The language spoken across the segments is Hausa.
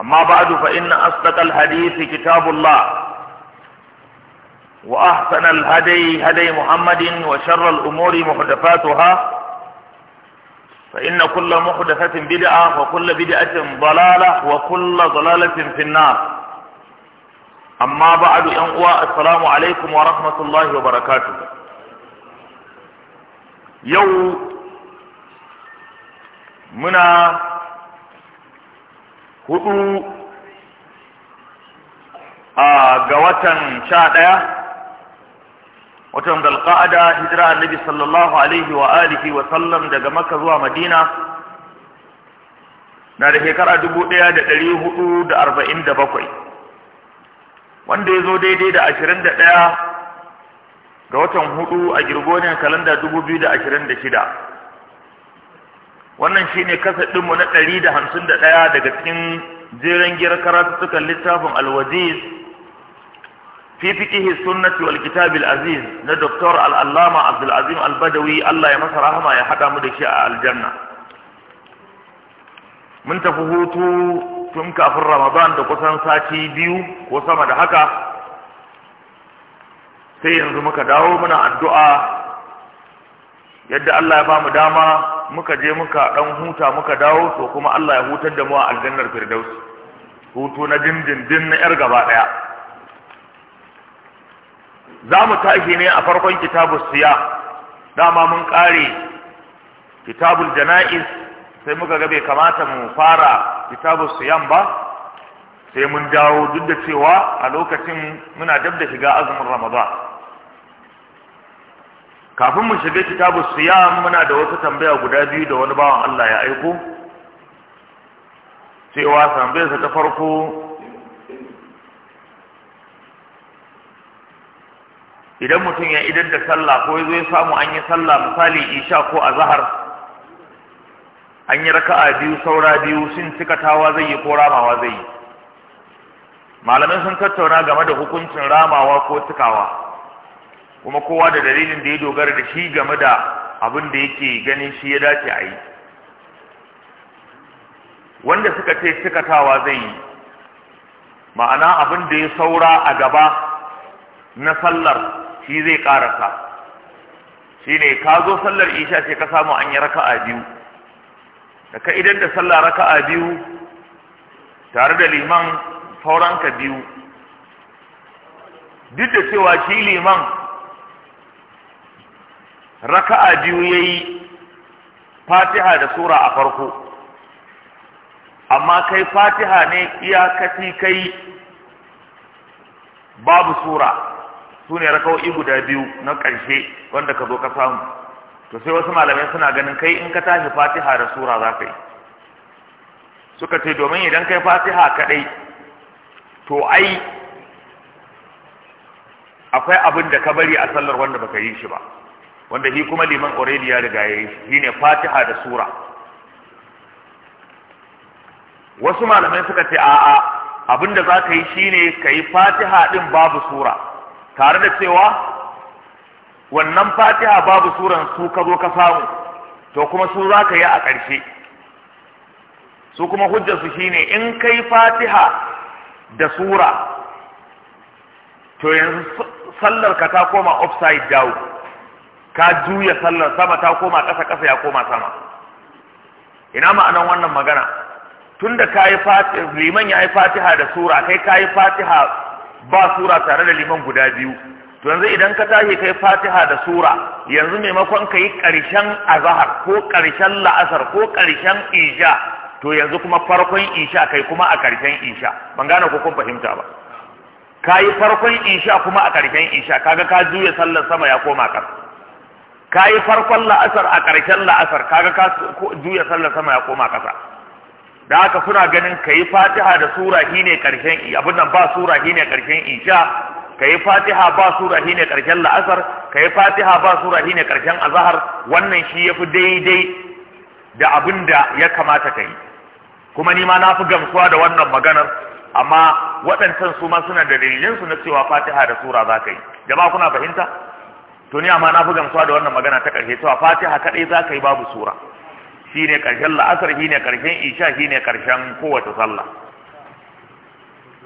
أما بعد فإن أصدق الحديث كتاب الله وأحسن الهدي هدي محمد وشر الأمور محدثاتها فإن كل محدثة بدعة وكل بدعة ضلالة وكل ضلالة في النار أما بعد أنقوى السلام عليكم ورحمة الله وبركاته يوم منا hudu a ga watan sha ɗaya watan dalqa'ada hijira annabi sallallahu alaihi wa alihi wa sallam daga makka zuwa madina na da shekara dubu ɗaya da ɗari hudu da arba'in da bakwai wanda ya zo daidai da ashirin da ɗaya ga watan hudu a girgonin kalanda dubu biyu da ashirin da shida wannan shine kasa ɗinmu na ɗari da hamsin da ɗaya daga cikin jeren giyar karatu sukan littafin alwajiz fi fiqhi sunnati wal kitab al aziz na doktor al allama abdul azim al badawi Allah ya masa rahama ya hada mu da shi a aljanna mun tafi hutu tun kafin ramadan da kusan sati biyu ko sama da haka sai yanzu muka dawo muna addu'a yadda Allah ya bamu dama muka je muka dan huta muka dawo to kuma Allah ya hutar da mu a aljannar firdausi hutu na dindindin na yar gaba daya za mu tashi ne a farkon kitabu siya dama mun kare kitabul jana'iz sai muka ga bai kamata mu fara kitabu siyan ba sai mun dawo duk da cewa a lokacin muna dab da shiga azumin ramadan kafin mu shiga kitabu siyam muna da wata tambaya guda biyu da wani bawan Allah ya aiko cewa tambayarsa ta farko idan mutum ya idar da sallah ko ya ya samu an yi sallah misali isha ko azhar an yi raka'a biyu saura biyu shin cikatawa zai yi ko ramawa zai yi malamai sun tattauna game da hukuncin ramawa ko cikawa kuma kowa da dalilin da ya dogara da shi game da abin da yake ganin shi ya dace a yi wanda suka ce cikatawa zai yi ma'ana abin da ya saura a gaba na sallar shi zai karasa shi ne ka zo sallar isha sai ka samu an yi raka'a biyu da ka idan da sallar raka'a biyu tare da liman sauranka biyu duk da cewa shi liman raka'a biyu yayi fatiha da sura a farko amma kai fatiha ne iyakaci kai babu sura sune ne raka'o'i guda biyu na ƙarshe wanda ka zo ka samu to sai wasu malamai suna ganin kai in ka tashi fatiha da sura za ka yi suka ce domin idan kai fatiha kaɗai to ai akwai abin da ka bari a sallar wanda baka yi shi ba wanda shi kuma liman Aureli ya riga ya yi shi ne fatiha da sura wasu malamai suka ce a'a abinda za ka yi shi ne ka yi fatiha ɗin babu sura tare da cewa wannan fatiha babu suran su ka zo ka samu to kuma su za ka yi a ƙarshe su kuma hujjarsu shi ne in ka yi fatiha da sura to yanzu sallar ka ta koma offside down ka juya sallar sama ta koma ƙasa ƙasa ya koma sama ina ma'anan wannan magana tunda ka yi fatiha liman ya yi fatiha da sura kai ka yi fatiha ba sura tare da liman guda biyu to yanzu idan ka tashi kai fatiha da sura yanzu maimakon ka yi ƙarshen azahar ko ƙarshen la'asar ko ƙarshen isha to yanzu kuma farkon isha kai kuma a ƙarshen isha ban gane ko kun fahimta ba ka yi farkon isha kuma a ƙarshen isha kaga ka juya sallar sama ya koma ƙasa ka yi farkon la'asar a ƙarshen la'asar kaga ka juya sallar sama ya koma ƙasa da haka kuna ganin ka yi fatiha da sura shi ne ƙarshen abin nan ba sura shi ne ƙarshen isha ka yi fatiha ba sura shi ne ƙarshen la'asar ka yi fatiha ba sura shi ne ƙarshen azahar wannan shi ya fi daidai da abin da ya kamata ka yi kuma ni ma na fi gamsuwa da wannan maganar amma waɗancan su ma suna da dalilinsu na cewa fatiha da sura za ka yi jama'a kuna fahimta to ni amma na fi gamsuwa da wannan magana ta karshe cewa fatiha kadai za ka yi babu sura shi ne karshen la'asar shi ne karshen isha shi ne karshen kowace sallah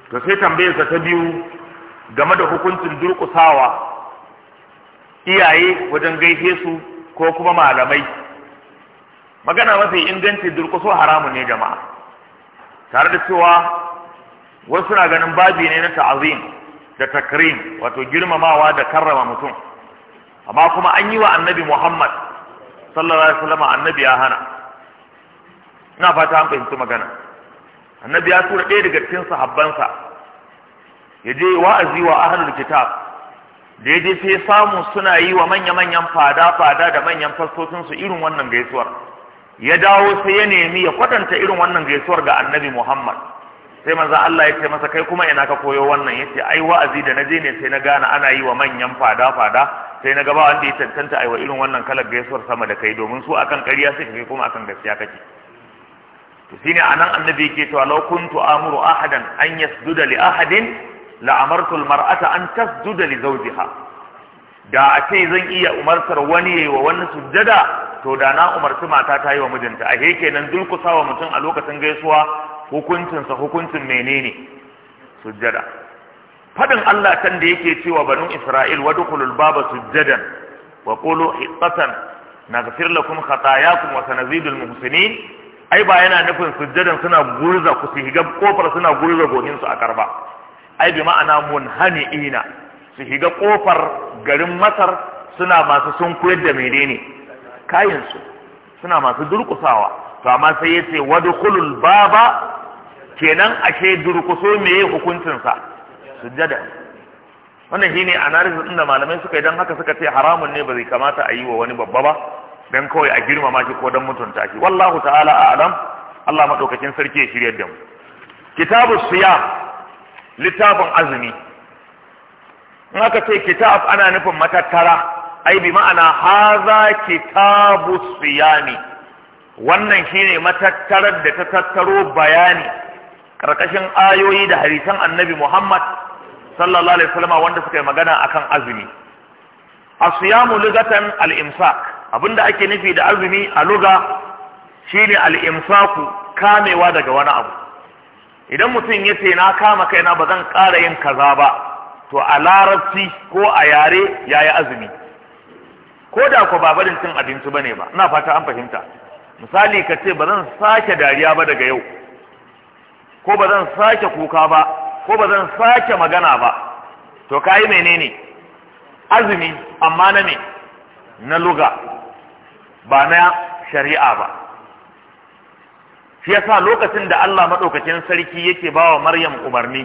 to sai tambayarsa ta biyu game da hukuncin durƙusawa iyaye wajen gaishe su ko kuma malamai magana mafi inganci durƙuso haramu ne jama'a tare da cewa wasu na ganin babi ne na ta'azim da takrim wato girmamawa da karrama mutum amma kuma an yi wa annabi Muhammad sallallahu alaihi wasallam annabi ya hana ina fata an fahimci magana annabi ya tura ɗaya daga cikin sahabbansa ya je wa'azi wa ahlul kitab da ya je sai samu suna yi wa manya-manyan fada-fada da manyan su irin wannan gaisuwar ya dawo sai ya nemi ya kwatanta irin wannan gaisuwar ga annabi Muhammad sai manzo Allah ya ce masa kai kuma ina ka koyo wannan yace ai wa'azi da naje ne sai na gane ana yi wa manyan fada fada sai na ba wanda ya cancanta wa irin wannan kalar gaisuwar sama da kai domin su akan ƙarya suke kai kuma akan gaskiya kake to shine anan annabi yake cewa law kuntu amuru ahadan an yasjuda li ahadin la amartu mar'ata an tasjuda li zawjiha da a ce zan iya umartar wani yayi wa wani sujjada to da na umarci mata ta yi wa mijinta a he kenan durkusa wa mutum a lokacin gaisuwa hukuncinsa hukuncin menene sujjada fadin Allah kan da yake cewa banu Isra'il dukhulul baba sujjadan wa qulu hiqatan naghfir lakum khatayakum wa sanazidul muhsinin ai ba yana nufin sujjadan suna gurza ku su higa kofar suna gurza gonin su a karba ai bi ma'ana ina su higa kofar garin Masar suna masu sunkuyar da menene kayan su suna masu durkusawa to amma sai ya ce wadkhulul baba kenan ashe durkuso me hukuncinsa sa sujjada wannan shine analysis din da malamai suka dan haka suka ce haramun ne ba zai kamata a yi wa wani babba ba dan kawai a girmama shi ko dan mutunta shi wallahu ta'ala a'lam Allah madaukakin sarki ya shiryar da mu kitabu siyam littafin azumi in aka ce kitab ana nufin matattara ai bi ma'ana haza kitabu siyami wannan shine matattarar da ta tattaro bayani Ƙarƙashin ayoyi da hadisan annabi Muhammad sallallahu alaihi wasallam wanda suka yi magana akan azumi asiyamu lugatan al-imsak abinda ake nufi da azumi a luga shine al-imsaku kamewa daga wani abu idan mutum ya ce na kama kaina ba zan ƙara yin kaza ba to a larabci ko a yare yayi azumi ko da ko ba barin cin abinci bane ba ina fata an fahimta misali ka ce ba zan sake dariya ba daga yau ko ba zan sake kuka ba ko ba zan sake magana ba to ka yi menene azumi amma na ne na luga ba na shari'a ba shi yasa lokacin da Allah maɗaukakin sarki yake ba wa Maryam umarni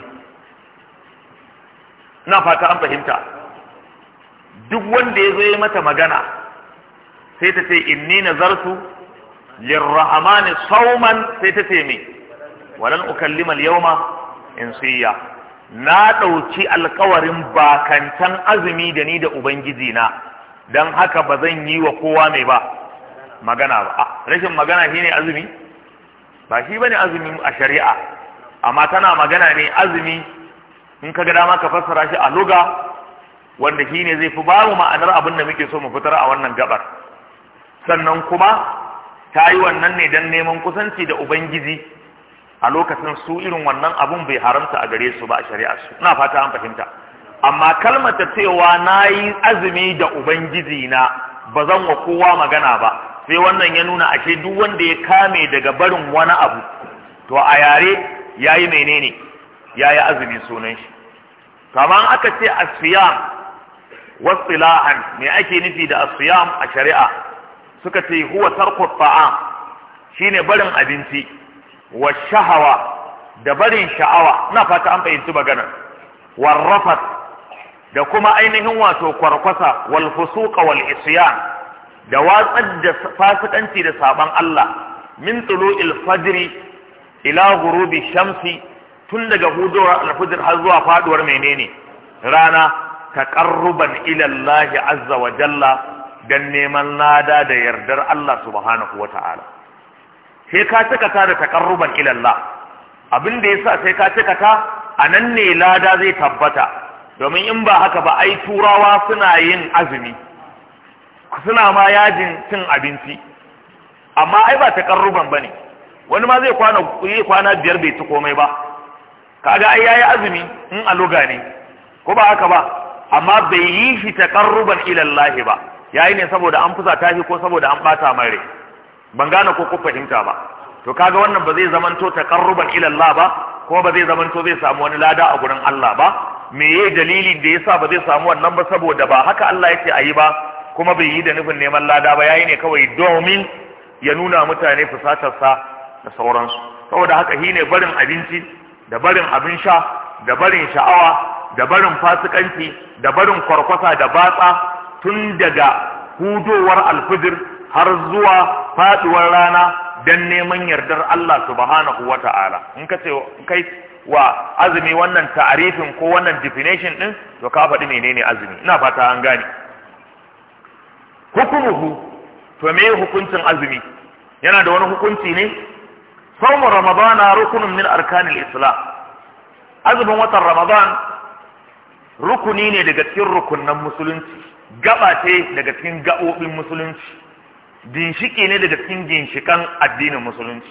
na fata an fahimta duk wanda ya zo ya mata magana sai ta ce inni zartu. lirrahmani sauman sai ta ce me walan ukallima al-yawma insiya na ɗauki alkawarin bakantan azumi da ni da ubangiji na don haka ba zan yi wa kowa mai ba magana ba rashin magana shi ne azumi ba shi ne azumi a shari'a amma tana magana ne azumi in ka ga dama ka fassara shi a luga wanda shi ne zai fi mu ma'anar abin da muke so mu fitar a wannan gabar sannan kuma ta yi wannan ne don neman kusanci da ubangiji a lokacin su irin wannan abun bai haramta a gare su ba a shari'a su ina fata an fahimta amma kalmata cewa na yi azumi da ubangiji na ba zan wa kowa magana ba sai wannan ya nuna ashe duk wanda ya kame daga barin wani abu to a yare ya yi menene ya yi azumi sunan shi kamar aka ce asiyam wasila'an me ake nufi da asiyam a shari'a suka ce huwa tarku ta'am shine barin abinci wa shahawa da barin sha'awa na fata an fahimci maganar warrafat da kuma ainihin wato kwarkwasa wal fusuqa wal isyan da watsar da fasikanci da saban Allah min tulu'il fajri ila ghurubi shamsi tun daga hudura al-fajr har zuwa faduwar menene rana taqarruban ila Allah azza wa jalla Dan neman lada da yardar Allah subhanahu wa ta'ala sai ka cikata da takarruban ilalla. abin da ya sa sai ka cikata a nan ne lada zai tabbata domin in ba haka ba ai turawa suna yin azumi suna ma yajin cin abinci amma ai ba takarruban ba ne wani ma zai kwana biyar bai ci komai ba kaga ai yayi azumi in a ne ko ba haka ba amma bai yi shi takarruban ilallahi ba yayi ne saboda an fusata shi ko saboda an bata mai rai ban gane ko ku fahimta ba to kaga wannan ba zai zamanto taqarruban ila Allah ba ko ba zai zamanto zai samu wani lada a gurin Allah ba me ye dalilin da yasa ba zai samu wannan ba saboda ba haka Allah yake ayi ba kuma bai yi da nufin neman lada ba yayi ne kawai domin ya nuna mutane fusatar sa da sauransu saboda haka hi ne barin abinci da barin abin sha da barin sha'awa da barin fasikanci da barin kwarkwasa da batsa tun daga hudowar alfijir har zuwa faduwar rana dan neman yardar Allah subhanahu wa ta'ala in ka ce kai wa azumi wannan ta'arifin ko wannan definition din to ka faɗi menene azumi ina fata an gane hukumuhu to me hukuncin azumi yana da wani hukunci ne sawmu ramadana rukunun min arkanil islam azumin watan ramadan rukuni ne daga cikin rukunan musulunci gaba ce daga cikin gaɓoɓin musulunci ginshiƙi ne daga cikin ginshikan addinin musulunci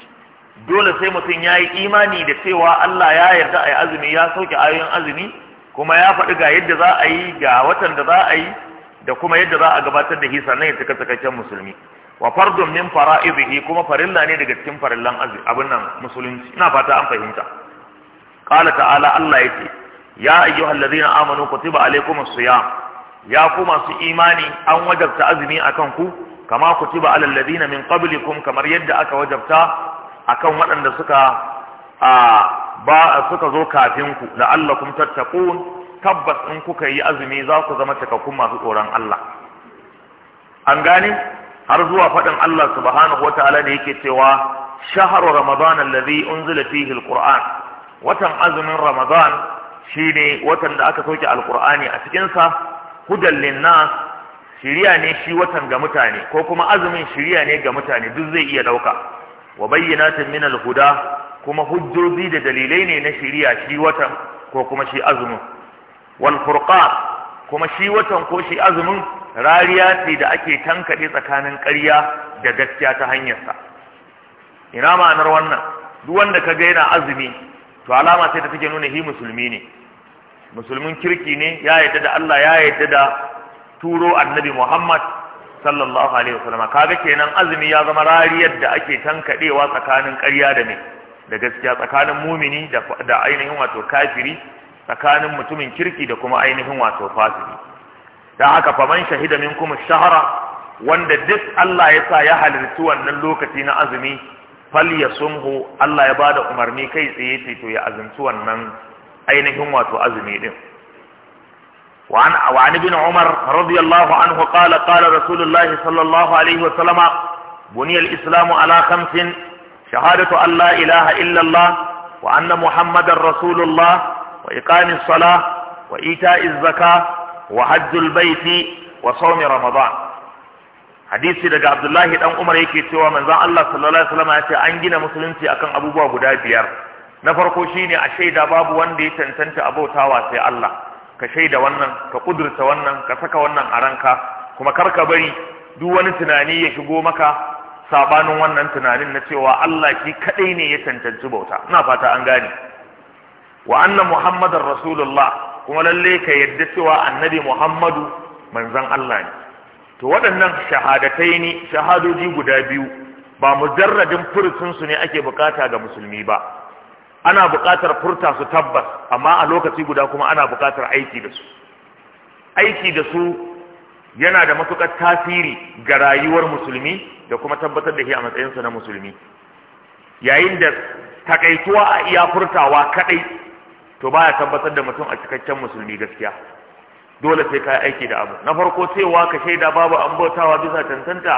dole sai mutum ya yi imani da cewa Allah ya yarda a yi azumi ya sauke ayoyin azumi kuma ya faɗi ga yadda za a yi ga watan da za a yi da kuma yadda za a gabatar da hisa nan ya cika Wafar musulmi wa fardun min fara'idihi kuma farilla ne daga cikin farillan azumi abin nan musulunci ina fata an fahimta qala ta'ala Allah ya ce. ya ayyuhal ladzina amanu kutiba alaikumus siyam ya ku masu imani an wajabta azumi akan ku kama kutiba alal ladina min qablikum kamar yadda aka wajabta kan waɗanda suka a zo kafin ku kum tattaqun tabbas in kuka yi azumi za ku zama cikakkun masu tsoron Allah an gane har zuwa faɗin Allah subhanahu wataala da yake cewa shahru ramadan alladhi unzila fihi alquran watan azumin ramadan Shi ne watan da aka sauke alkur'ani a cikin sa hudan linnas shiriya ne shi watan ga mutane ko kuma azumin shiriya ne ga mutane duk zai iya dauka wa bayyinatin min alhuda kuma hujjoji da dalilai ne na shiriya shi watan ko kuma shi azumin wal furqan kuma shi watan ko shi azumin rariya ce da ake tankade tsakanin ƙarya da gaskiya ta hanyarsa ina ma'anar wannan duk wanda ka yana azumi to alama sai ta take nuna hi musulmi ne musulmin kirki ne ya yadda da Allah ya yadda da turo annabi Muhammad sallallahu alaihi wasallam kaga kenan azumi ya zama rariyar da ake tankadewa tsakanin ƙarya da me da gaskiya tsakanin mumini da da ainihin wato kafiri tsakanin mutumin kirki da kuma ainihin wato fasiki da haka faman shahida minkum ash-shahra wanda duk Allah ya sa ya halarci wannan lokaci na azumi fal falyasumhu Allah ya bada umarni kai tsaye ce to ya azumci wannan ainihin wato azumi din wa an umar radiyallahu anhu qala qala rasulullahi sallallahu alaihi wa sallama buniyal islamu ala khamsin shahadatu an la ilaha illa allah wa anna muhammadar rasulullah wa iqami salah wa ita'i zaka wa hajjul baiti wa sawmi ramadan hadisi daga abdullahi dan umar yake cewa manzon allah sallallahu alaihi wa sallama ya ce an gina musulunci akan abubuwa guda biyar na farko shine a shaida babu wanda ya tantance abautawa sai Allah ka shaida wannan ka kudurta wannan ka saka wannan a ranka kuma kar bari duk wani tunani ya shigo maka sabanin wannan tunanin na cewa Allah shi kadai ne ya tantance bauta ina fata an gane wa anna muhammadar rasulullah kuma lalle ka yadda cewa annabi muhammadu manzon Allah ne to waɗannan shahadatai ne shahadoji guda biyu ba mujarradin furucin su ne ake bukata ga musulmi ba ana buƙatar furta su tabbas amma a lokaci guda kuma ana buƙatar aiki da su aiki da su yana da matuƙar tasiri ga rayuwar musulmi da kuma tabbatar da shi a matsayinsa na musulmi yayin da takaituwa a iya furtawa kaɗai to ba ya tabbatar da mutum a cikakken musulmi gaskiya dole sai ka yi aiki da abu na farko cewa ka shaida babu an bautawa bisa tantanta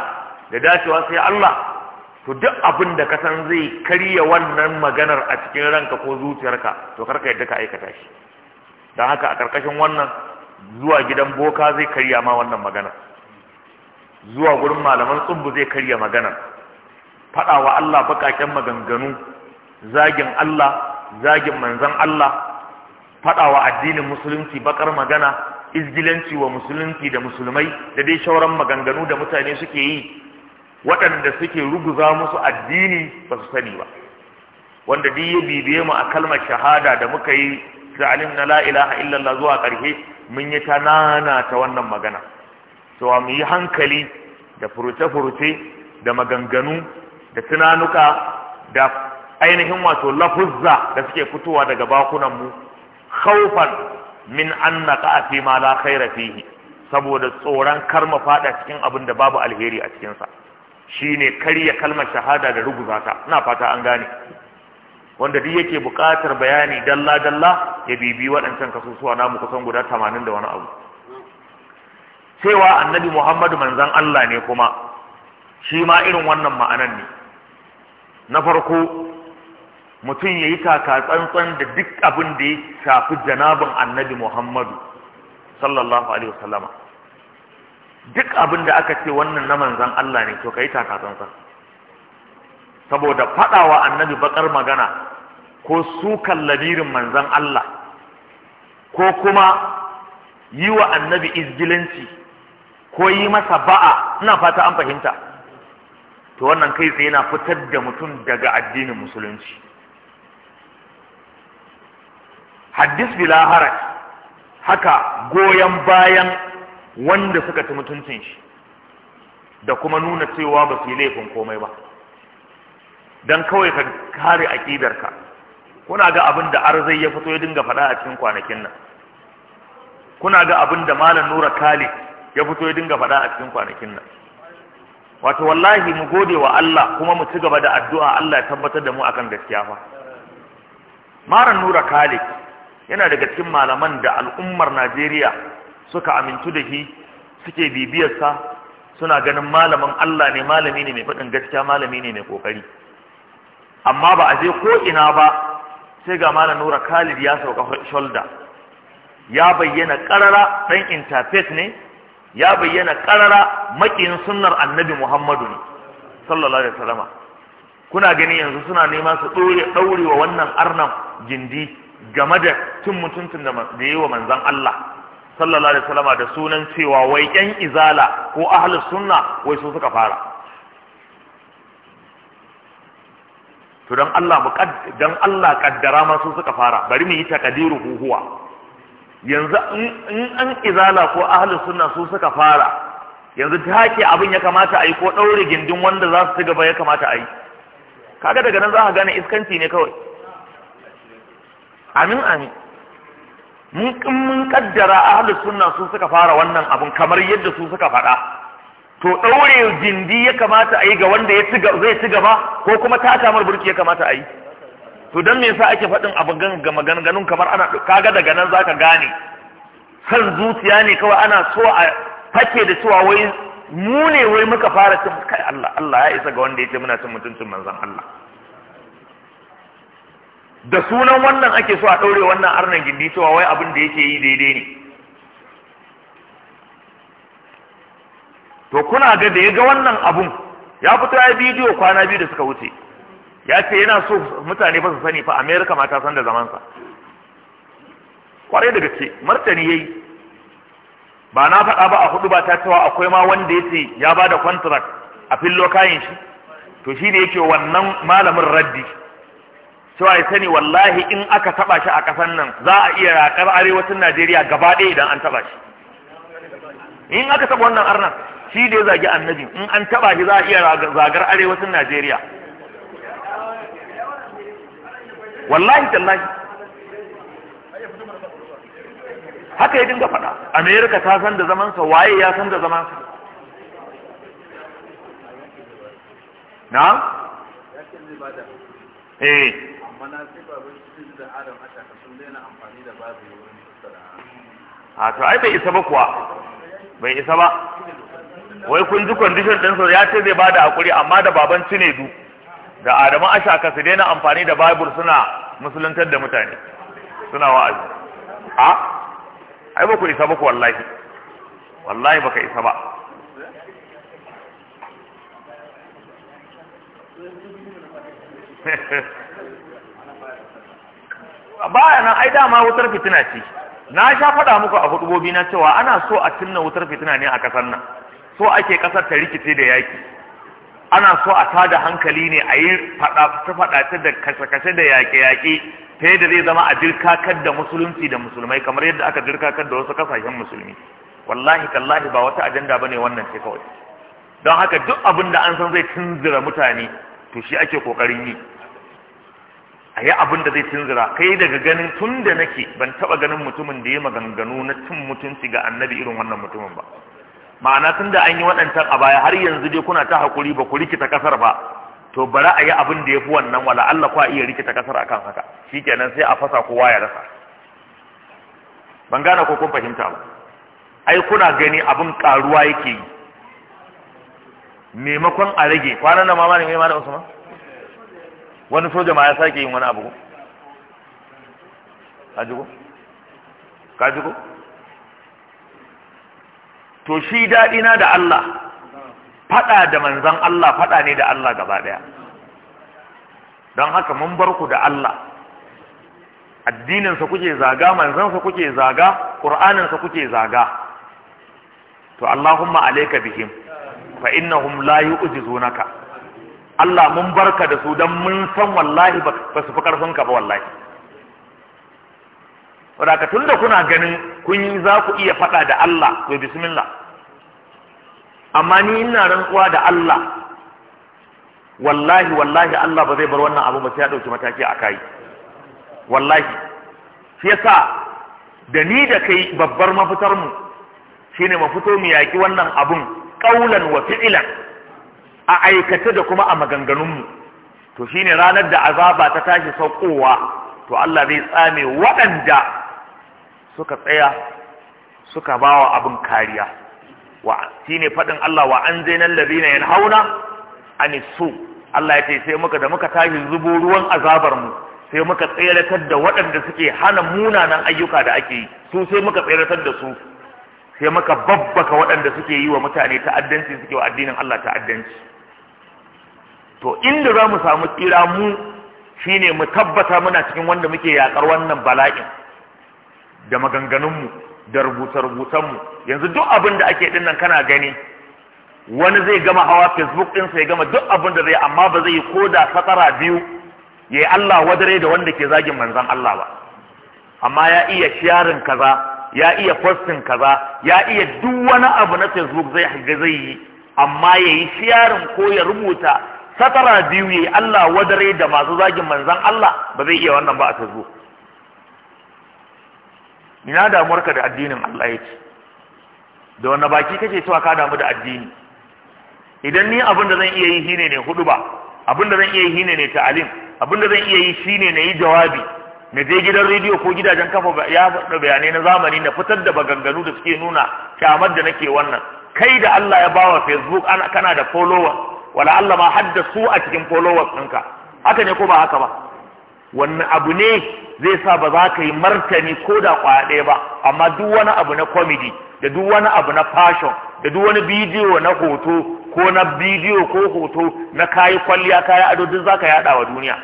da dacewa sai Allah to duk abin da ka san zai karya wannan maganar a cikin ranka ko zuciyarka to karka yadda ka aikata shi don haka a karkashin wannan zuwa gidan boka zai karya ma wannan maganar zuwa gurin malaman tsumbu zai karya maganar faɗa wa Allah baƙaƙen maganganu zagin Allah zagin manzan Allah faɗa wa addinin musulunci baƙar magana izgilanci wa musulunci da musulmai da dai shauran maganganu da mutane suke yi waɗanda suke ruguza musu addini ba su sani ba wanda duk ya bibiye mu a kalmar shahada da muka yi ta alim na la'ilaha ilaha illallah zuwa ƙarshe mun yi ta nana ta wannan magana cewa mu yi hankali da furuce-furuce da maganganu da tunanuka da ainihin wato lafuzza da suke fitowa daga mu, khaufan min an naqa fi ma la khaira fihi saboda tsoron kar mu fada cikin abin da babu alheri a cikinsa shine karya kalmar shahada da ruguza ta ina fata an gane wanda duk yake buƙatar bayani dalla dalla ya bibi waɗancan kasusuwa namu kusan guda tamanin da wani abu cewa annabi Muhammadu manzon Allah ne kuma shi ma irin wannan ma'anan ne na farko mutum ya yi taka tsantsan da duk abin da ya shafi janabin annabi Muhammadu sallallahu alaihi wasallama duk abin da aka ce wannan na manzan Allah ne to ka yi sa saboda faɗawa annabi bakar magana ko sukan labirin manzan Allah ko kuma yi wa annabi izgilanci ko yi masa ba'a ina fata an fahimta to wannan kai sai yana fitar da mutum daga addinin musulunci Hadis bila haraj haka goyon bayan wanda suka ci mutuncin shi da kuma nuna cewa ba su yi laifin komai ba don kawai ka kare aƙidarka kuna ga abin da arzai ya fito ya dinga faɗa a cikin kwanakin nan kuna ga abin da malam nura kali ya fito ya dinga faɗa a cikin kwanakin nan wato wallahi mu gode wa Allah kuma mu ci gaba da addu'a Allah ya tabbatar da mu akan gaskiya fa malam nura kali yana daga cikin malaman da al'ummar Najeriya suka amintu da shi suke bibiyarsa suna ganin malamin Allah ne malami ne mai faɗin gaskiya malami ne mai ƙoƙari amma ba a je ko ina ba sai ga malam Nura Khalid ya sauka shoulder ya bayyana ƙarara ɗan interface ne ya bayyana ƙarara maƙiyin sunnar annabi Muhammadu ne sallallahu alaihi wasallam kuna gani yanzu suna neman su ɗaure wa wannan arnan gindi game da cin mutuntun da yi wa manzan Allah sallallahu alaihi wasallama da sunan cewa wai ƴan izala ko ahli sunna wai su suka fara to dan Allah dan Allah kaddara ma su suka fara bari mu yi takadiru huwa yanzu in an izala ko ahli sunna su suka fara yanzu take abin ya kamata a yi ko ɗaure gindin wanda za su ci gaba ya kamata a yi kaga daga nan za ka gane iskanci ne kawai amin amin mun kin mun kaddara ahlus sunna su suka fara wannan abun kamar yadda su suka faɗa to daure jindi ya kamata a yi ga wanda ya zai ci gaba ko kuma ta mar burki ya kamata a yi to dan me yasa ake faɗin abu ga maganganun kamar ana kaga daga nan zaka gane san zuciya ne kawai ana so a fake da cewa wai mu ne wai muka fara cin kai Allah Allah ya isa ga wanda ya ce muna cin mutuncin manzon Allah da sunan wannan ake so a ɗaure wannan arnan gindi cewa wai abin da yake yi daidai ne to kuna ga da ya ga wannan abun ya fito ya bidiyo kwana biyu da suka wuce ya ce yana so mutane ba su sani fa amerika mata ta san da zamansa kwarai daga gaske martani ya yi. ba na faɗa ba a hudu ba ta cewa akwai ma wanda ya ce ya ba da contract a fillo kayan shi to shi ne yake wannan malamin raddi cewa ya sani wallahi in aka taba shi a kasan nan za a iya raƙar arewacin Najeriya gaba ɗaya idan an taba shi in aka taba wannan arna shi dai ya zagi annabi in an taba shi za a iya zagar arewacin Najeriya wallahi tallahi haka ya dinga faɗa Amerika ta san da zamansa waye ya san da zamansa na? eh manasiba ba shi da adam sun daina amfani da babu wurin a to ai bai isa ba kuwa bai isa ba wai kun ji condition din sa ya ce zai bada hakuri amma da baban du da adamu ashaka su daina amfani da bible suna musuluntar da mutane suna wa'azi a ai ba ku isa ba ku wallahi wallahi baka isa ba baya nan ai dama wutar fitina ce na sha faɗa muku a hudubobi na cewa ana so a cinna wutar fitina ne a ƙasar nan so ake ƙasar ta rikice da yaki ana so a tada hankali ne a yi faɗace da kashe-kashe da yaƙe-yaƙe ta yadda zai zama a dirkakar da musulunci da musulmai kamar yadda aka dirkakar da wasu kasashen musulmi wallahi tallahi ba wata ajanda ne wannan ce kawai don haka duk abin da an san zai cinzira mutane to shi ake kokarin yi a yi abin da zai tunzura kai daga ganin tun da nake ban taba ganin mutumin da ya maganganu na cin mutunci ga annabi irin wannan mutumin ba ma'ana tun da an yi waɗancan a baya har yanzu dai kuna ta hakuri ba ku rikita ƙasar ba to bari a yi abin da ya fi wannan wala Allah a iya rikita ƙasar akan haka shikenan sai a fasa kowa ya rasa ban gane ko kun fahimta ba ai kuna gani abin ƙaruwa yake yi maimakon a rage kwanan da mama mai mana usman wani soja ma ya sake yin wani abu ka ka jiko? to shi daɗina da Allah faɗa da manzan Allah faɗa ne da Allah gaba ɗaya don haka mun bar ku da Allah addininsa kuke zaga manzansa kuke zaga ƙur'aninsa kuke zaga to Allahumma alaika bihim fa innahum la yu'jizunaka Allah mun barka da su don mun san wallahi ba su fi ka ba wallahi wadaka tun da kuna ganin kun yi za ku iya faɗa da Allah to bismillah amma ni ina rantsuwa da Allah wallahi wallahi Allah ba zai bar wannan abu ba sai ya ɗauki mataki a kai wallahi shi yasa da ni da kai babbar mafitarmu mu shine mu fito mu yaƙi wannan abun ƙaulan wa fi'ilan a aikace da kuma a maganganunmu to shine ranar da azaba ta tashi saukowa to Allah zai tsame waɗanda suka tsaya suka bawa abin kariya wa shine faɗin Allah wa anzainal ladina yanhauna ani su Allah ya ce sai muka da muka tashi zubo ruwan azabar mu sai muka tseratar da waɗanda suke hana munanan ayyuka da ake yi su sai muka tseratar da su sai muka babbaka waɗanda suke yi wa mutane ta'addanci suke wa addinin Allah ta'addanci to inda za mu samu tsira mu shine mu tabbata muna cikin wanda muke yakar wannan bala'in da maganganunmu da rubuce-rubucenmu yanzu duk abin da ake dinnan kana gani wani zai gama hawa facebook ɗin sai gama duk abin da zai amma ba zai yi ko da fatara biyu ya yi Allah wadare da wanda ke zagin manzan Allah ba amma ya iya sharin kaza ya iya postin kaza ya iya duk wani abu na facebook zai yi amma ya yi sharin ko ya rubuta satara biyu yi Allah wadare da masu zagin manzan Allah ba zai iya wannan ba a tasbo ina damuwarka da addinin Allah ya ce? da wanda baki kake cewa ka damu da addini idan ni abin da zan iya yi shine ne hudu ba abin da zan iya yi shine ne ta'alim abin da zan iya yi shine na yi jawabi na je gidan rediyo ko gidajen kafa ya faɗa bayanai na zamani na fitar da baganganu da suke nuna kyamar da nake wannan kai da Allah ya bawa Facebook kana da follower wala Allah ma haddasu a cikin followers ɗinka haka ne ko ba haka ba wannan abu ne zai sa ba za ka yi martani ko da kwaya ba amma duk wani abu na comedy da duk wani abu na fashion da duk wani bidiyo na hoto ko na bidiyo ko hoto na kayi kwalliya kayi ado duk za ka yaɗa wa duniya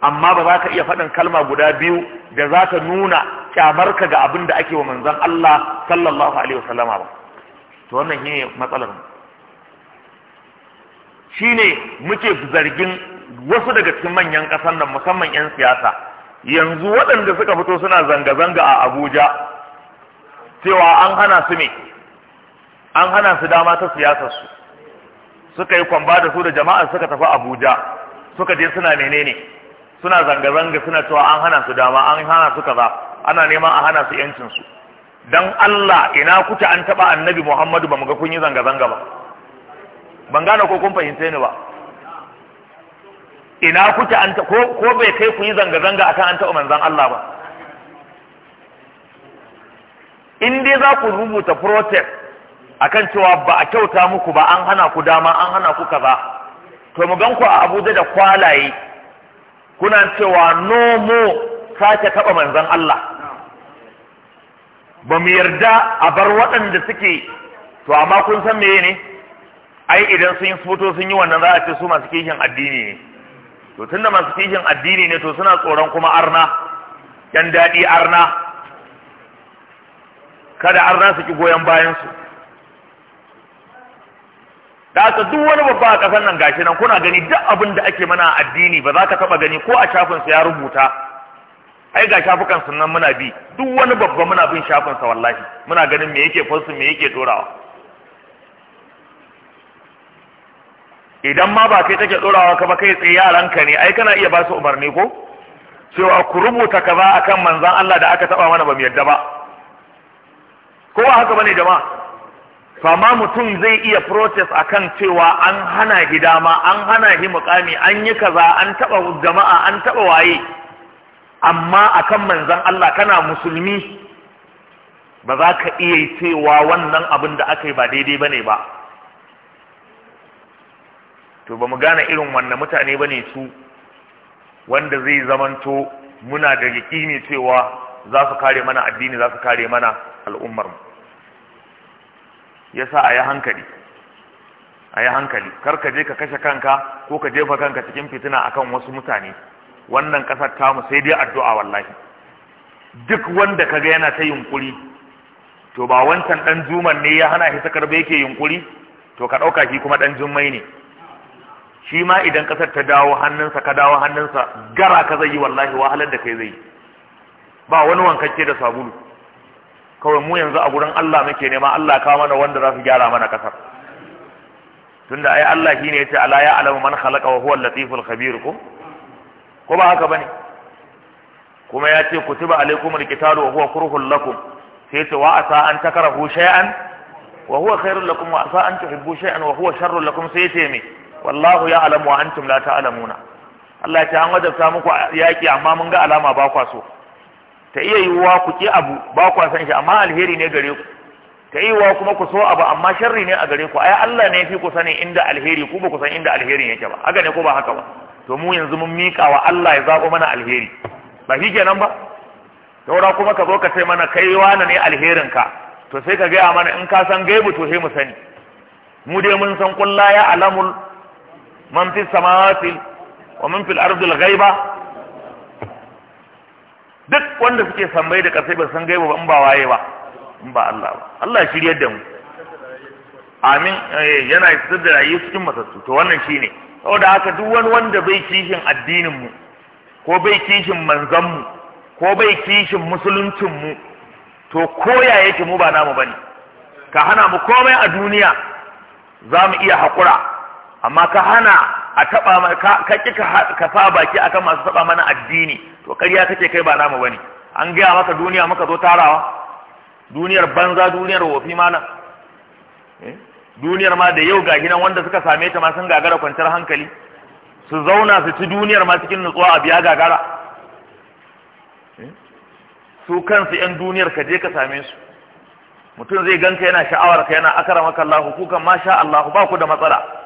amma ba za ka iya faɗin kalma guda biyu da za ka nuna kyamarka ga abin da ake wa manzon Allah sallallahu alaihi wasallama ba to wannan shine matsalar mu Shi ne muke zargin wasu daga cikin manyan ƙasar nan musamman 'yan siyasa yanzu waɗanda suka fito suna zanga-zanga a abuja cewa an hana su ne an hana su dama ta siyasarsu suka yi kwamba da su da jama'ar suka tafi abuja suka je suna menene suna zanga-zanga suna cewa an hana su dama an hana su kaza ana neman a hana su yancinsu don allah ina kuke an taɓa annabi muhammadu ba mu ga kun yi zanga-zanga ba ban gane ko kun fahimce ni ba ina kuke an ko ko bai kai ku yi zanga zanga akan an taɓa manzon Allah ba in dai za ku rubuta protest akan cewa ba a kyauta muku ba an hana ku dama an hana ku kaza to mu ganku a Abuja da kwalaye kuna cewa no more sake taba manzon Allah ba mu yarda a bar waɗanda suke to amma kun san meye ne ai idan sun yi foto sun yi wannan za a ce su masu kishin addini ne to tunda masu kishin addini ne to suna tsoron kuma arna yan daɗi arna kada arna su ki goyon bayansu da aka duk wani babba a ƙasar nan gashi nan kuna gani duk abin da ake mana addini ba za ka taɓa gani ko a shafinsa ya rubuta ai ga shafukan sunan muna bi duk wani babba muna bin shafinsa wallahi muna ganin me yake fasu me yake dorawa idan ma ba kai take dorawa ka ba kai tsaye yaranka ne ai kana iya ba su umarni ko cewa ku rubuta kaza akan manzon Allah da aka taba mana ba mu yadda ba ko ba haka bane jama'a to amma mutum zai iya protest akan cewa an hana hidama an hana hi mukami an yi kaza an taba jama'a an taba waye amma akan manzon Allah kana musulmi ba za ka iya cewa wannan abin da aka yi ba daidai bane ba to ba mu gane irin wannan mutane ba ne su wanda zai zamanto muna da yaƙini cewa za su kare mana addini za su kare mana al'ummar mu yasa a yi hankali a yi hankali kar ka je ka kashe kanka ko ka jefa kanka cikin fitina akan wasu mutane wannan ƙasar tamu sai dai addu'a wallahi duk wanda ka ga yana ta yunkuri to ba wancan ɗan juman ne ya hana shi ta yake yunkuri to ka ɗauka shi kuma ɗan jummai ne shi ma idan kasar ta dawo hannunsa ka dawo hannunsa gara ka zai yi wallahi wahalar da kai zai yi ba wani wankacce da sabulu kawai mu yanzu a gurin Allah muke nema Allah kawo mana wanda za su gyara mana kasar tunda ai Allah shine ce ala ya alamu man khalaqa wa huwa latiful khabir ko ko ba haka bane kuma ya ce kutiba alaikumul qitalu wa huwa kurhul lakum sai yace wa asa an takrahu shay'an wa huwa khairul lakum wa asa an tuhibbu shay'an wa huwa sharrul lakum sai yace me wallahu ya alamu wa antum la ta'lamuna Allah ya ce an wajabta muku yaki amma mun ga alama ba kwa so ta iya yiwuwa ku ki abu ba kwa san shi amma alheri ne gare ku ta iya yiwuwa kuma ku so abu amma sharri ne a gare ku ai Allah ne fi ku sani inda alheri ku ba ku san inda alherin yake ba haka ne ko ba haka ba to mu yanzu mun mika wa Allah ya zabo mana alheri ba shi kenan ba saura kuma ka zo ka ce mana kai wani ne alherin ka to sai ka gaya mana in ka san gaibu to sai mu sani mu dai mun san kullaya alamul man fi samawati wa man fil ardil ghaiba duk wanda suke sambai da kasai ba san gaiba ba in ba waye ba in ba Allah ba Allah ya shiryar da mu amin yana fitar da rayu cikin matattu to wannan shine saboda haka duk wani wanda bai kishin addinin mu ko bai kishin manzon mu ko bai kishin musuluncin mu to koya yake mu ba namu bane ka hana mu komai a duniya za mu iya haƙura amma ka hana a taba ka ka ka fa baki akan masu taba mana addini to ƙarya kake kai ba namu bane an gaya maka duniya muka zo tarawa duniyar banza duniyar wofi mana eh? duniyar ma da yau ga gidan wanda suka same ta ma sun gagara kwanciyar hankali su zauna su ci duniyar ma cikin nutsuwa a biya gagara eh? su kansu 'yan duniyar ka je ka same su mutum zai ganka yana sha'awar ka yana akara maka Allah kukan ma sha Allah ba ku da matsala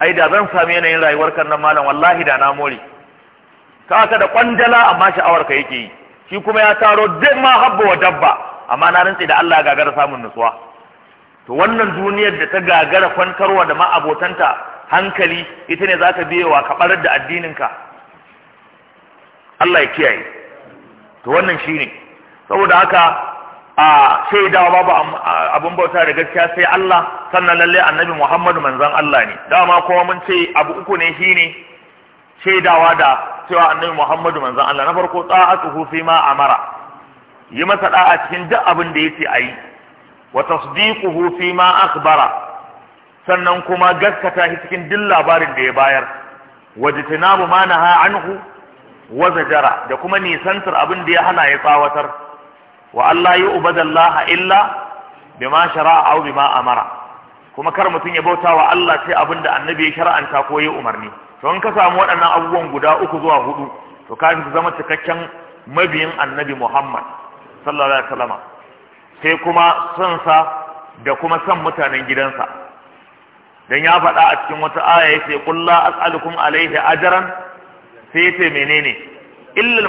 ai da zan sami yanayin rayuwar kan nan malam wallahi da na more ka ka da kwandala amma sha'awar ka yake yi shi kuma ya taro duk ma habba wa dabba amma na rantsi da Allah gagara samun nutsuwa to wannan duniyar da ta gagara kwantarwa da ma abotanta hankali ita ne zaka biyewa ka barar da addinin ka Allah ya kiyaye to wannan shine saboda haka a shaidawa babu abin bauta da gaskiya sai Allah sannan lalle annabi Muhammadu manzon Allah ne dama kuma mun ce abu uku ne shine shaidawa da cewa annabi Muhammadu manzon Allah na farko ta'atuhu fi ma amara yi masa da'a cikin duk abin da yace ayi wa tasdiquhu fi ma akhbara sannan kuma gaskata shi cikin duk labarin da ya bayar wajtinabu ma naha anhu wa zajara da kuma nisantar abin da ya hana ya tsawatar wa Allah yi ubadallaha illa bima shara'a aw bima amara kuma kar mutum ya bauta wa Allah sai abin da annabi ya shar'anta ko ya umarni to in ka samu waɗannan abubuwan guda uku zuwa hudu to ka zama cikakken mabiyin annabi Muhammad sallallahu alaihi wasallam sai kuma son sa da kuma son mutanen gidansa dan ya faɗa a cikin wata aya yace qul la as'alukum alaihi ajran sai yace menene illa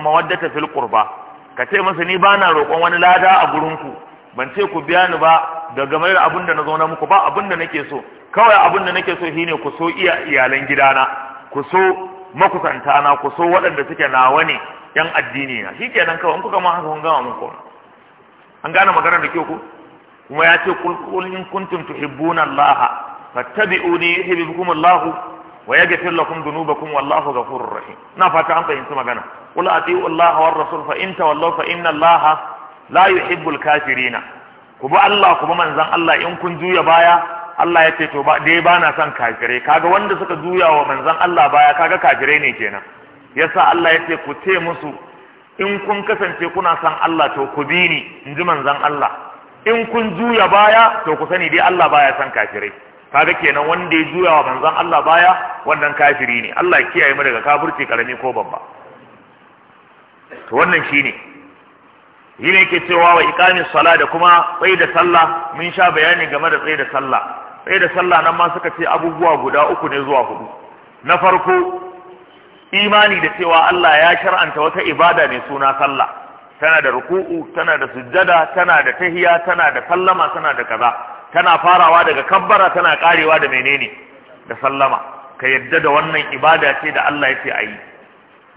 mawaddata fil qurba ka ce masa ni ba na roƙon wani lada a gurinku ban ce ku biya ni ba da game da abin da na zauna muku ba abin da nake so kawai abin da nake so shine ku so iya iyalan gidana ku so makusantana ku so waɗanda suke nawa ne yan addini na kenan kawai in kuka ma haka kun gama mun an gane maganar da ke ku kuma ya ce kul kuntum tuhibbuna Allah fattabi'uni yuhibbukum Allah wa yaghfir lakum dunubakum wallahu ghafurur rahim na fata an fahimci magana qul atiu allaha war rasul fa in tawallaw fa inna allaha la yuhibbul kafirina ku ba Allah ku ba manzon Allah in kun juya baya Allah ya ce to ba dai ba na son kafirai kaga wanda suka juya wa manzon Allah baya kaga kafirai ne kenan yasa Allah ya ce ku ce musu in kun kasance kuna son Allah to ku bi ni in ji manzon Allah in kun juya baya to ku sani dai Allah baya son kafirai kaga kenan wanda ya juya wa manzon Allah baya wannan kafiri ne Allah ya kiyaye mu daga kafirci karami ko babba to wannan shine yine yake cewa wa iqamis sala da kuma tsayi da sallah mun sha bayani game da tsayi da sallah tsayi da sallah nan ma suka ce abubuwa guda uku ne zuwa hudu na farko imani da cewa Allah ya shar'anta wata ibada mai suna sallah tana da ruku'u tana da sujjada tana da tahiya tana da sallama tana da kaza tana farawa daga kabbara tana karewa da menene da sallama ka yadda da wannan ibada ce da Allah yake ayi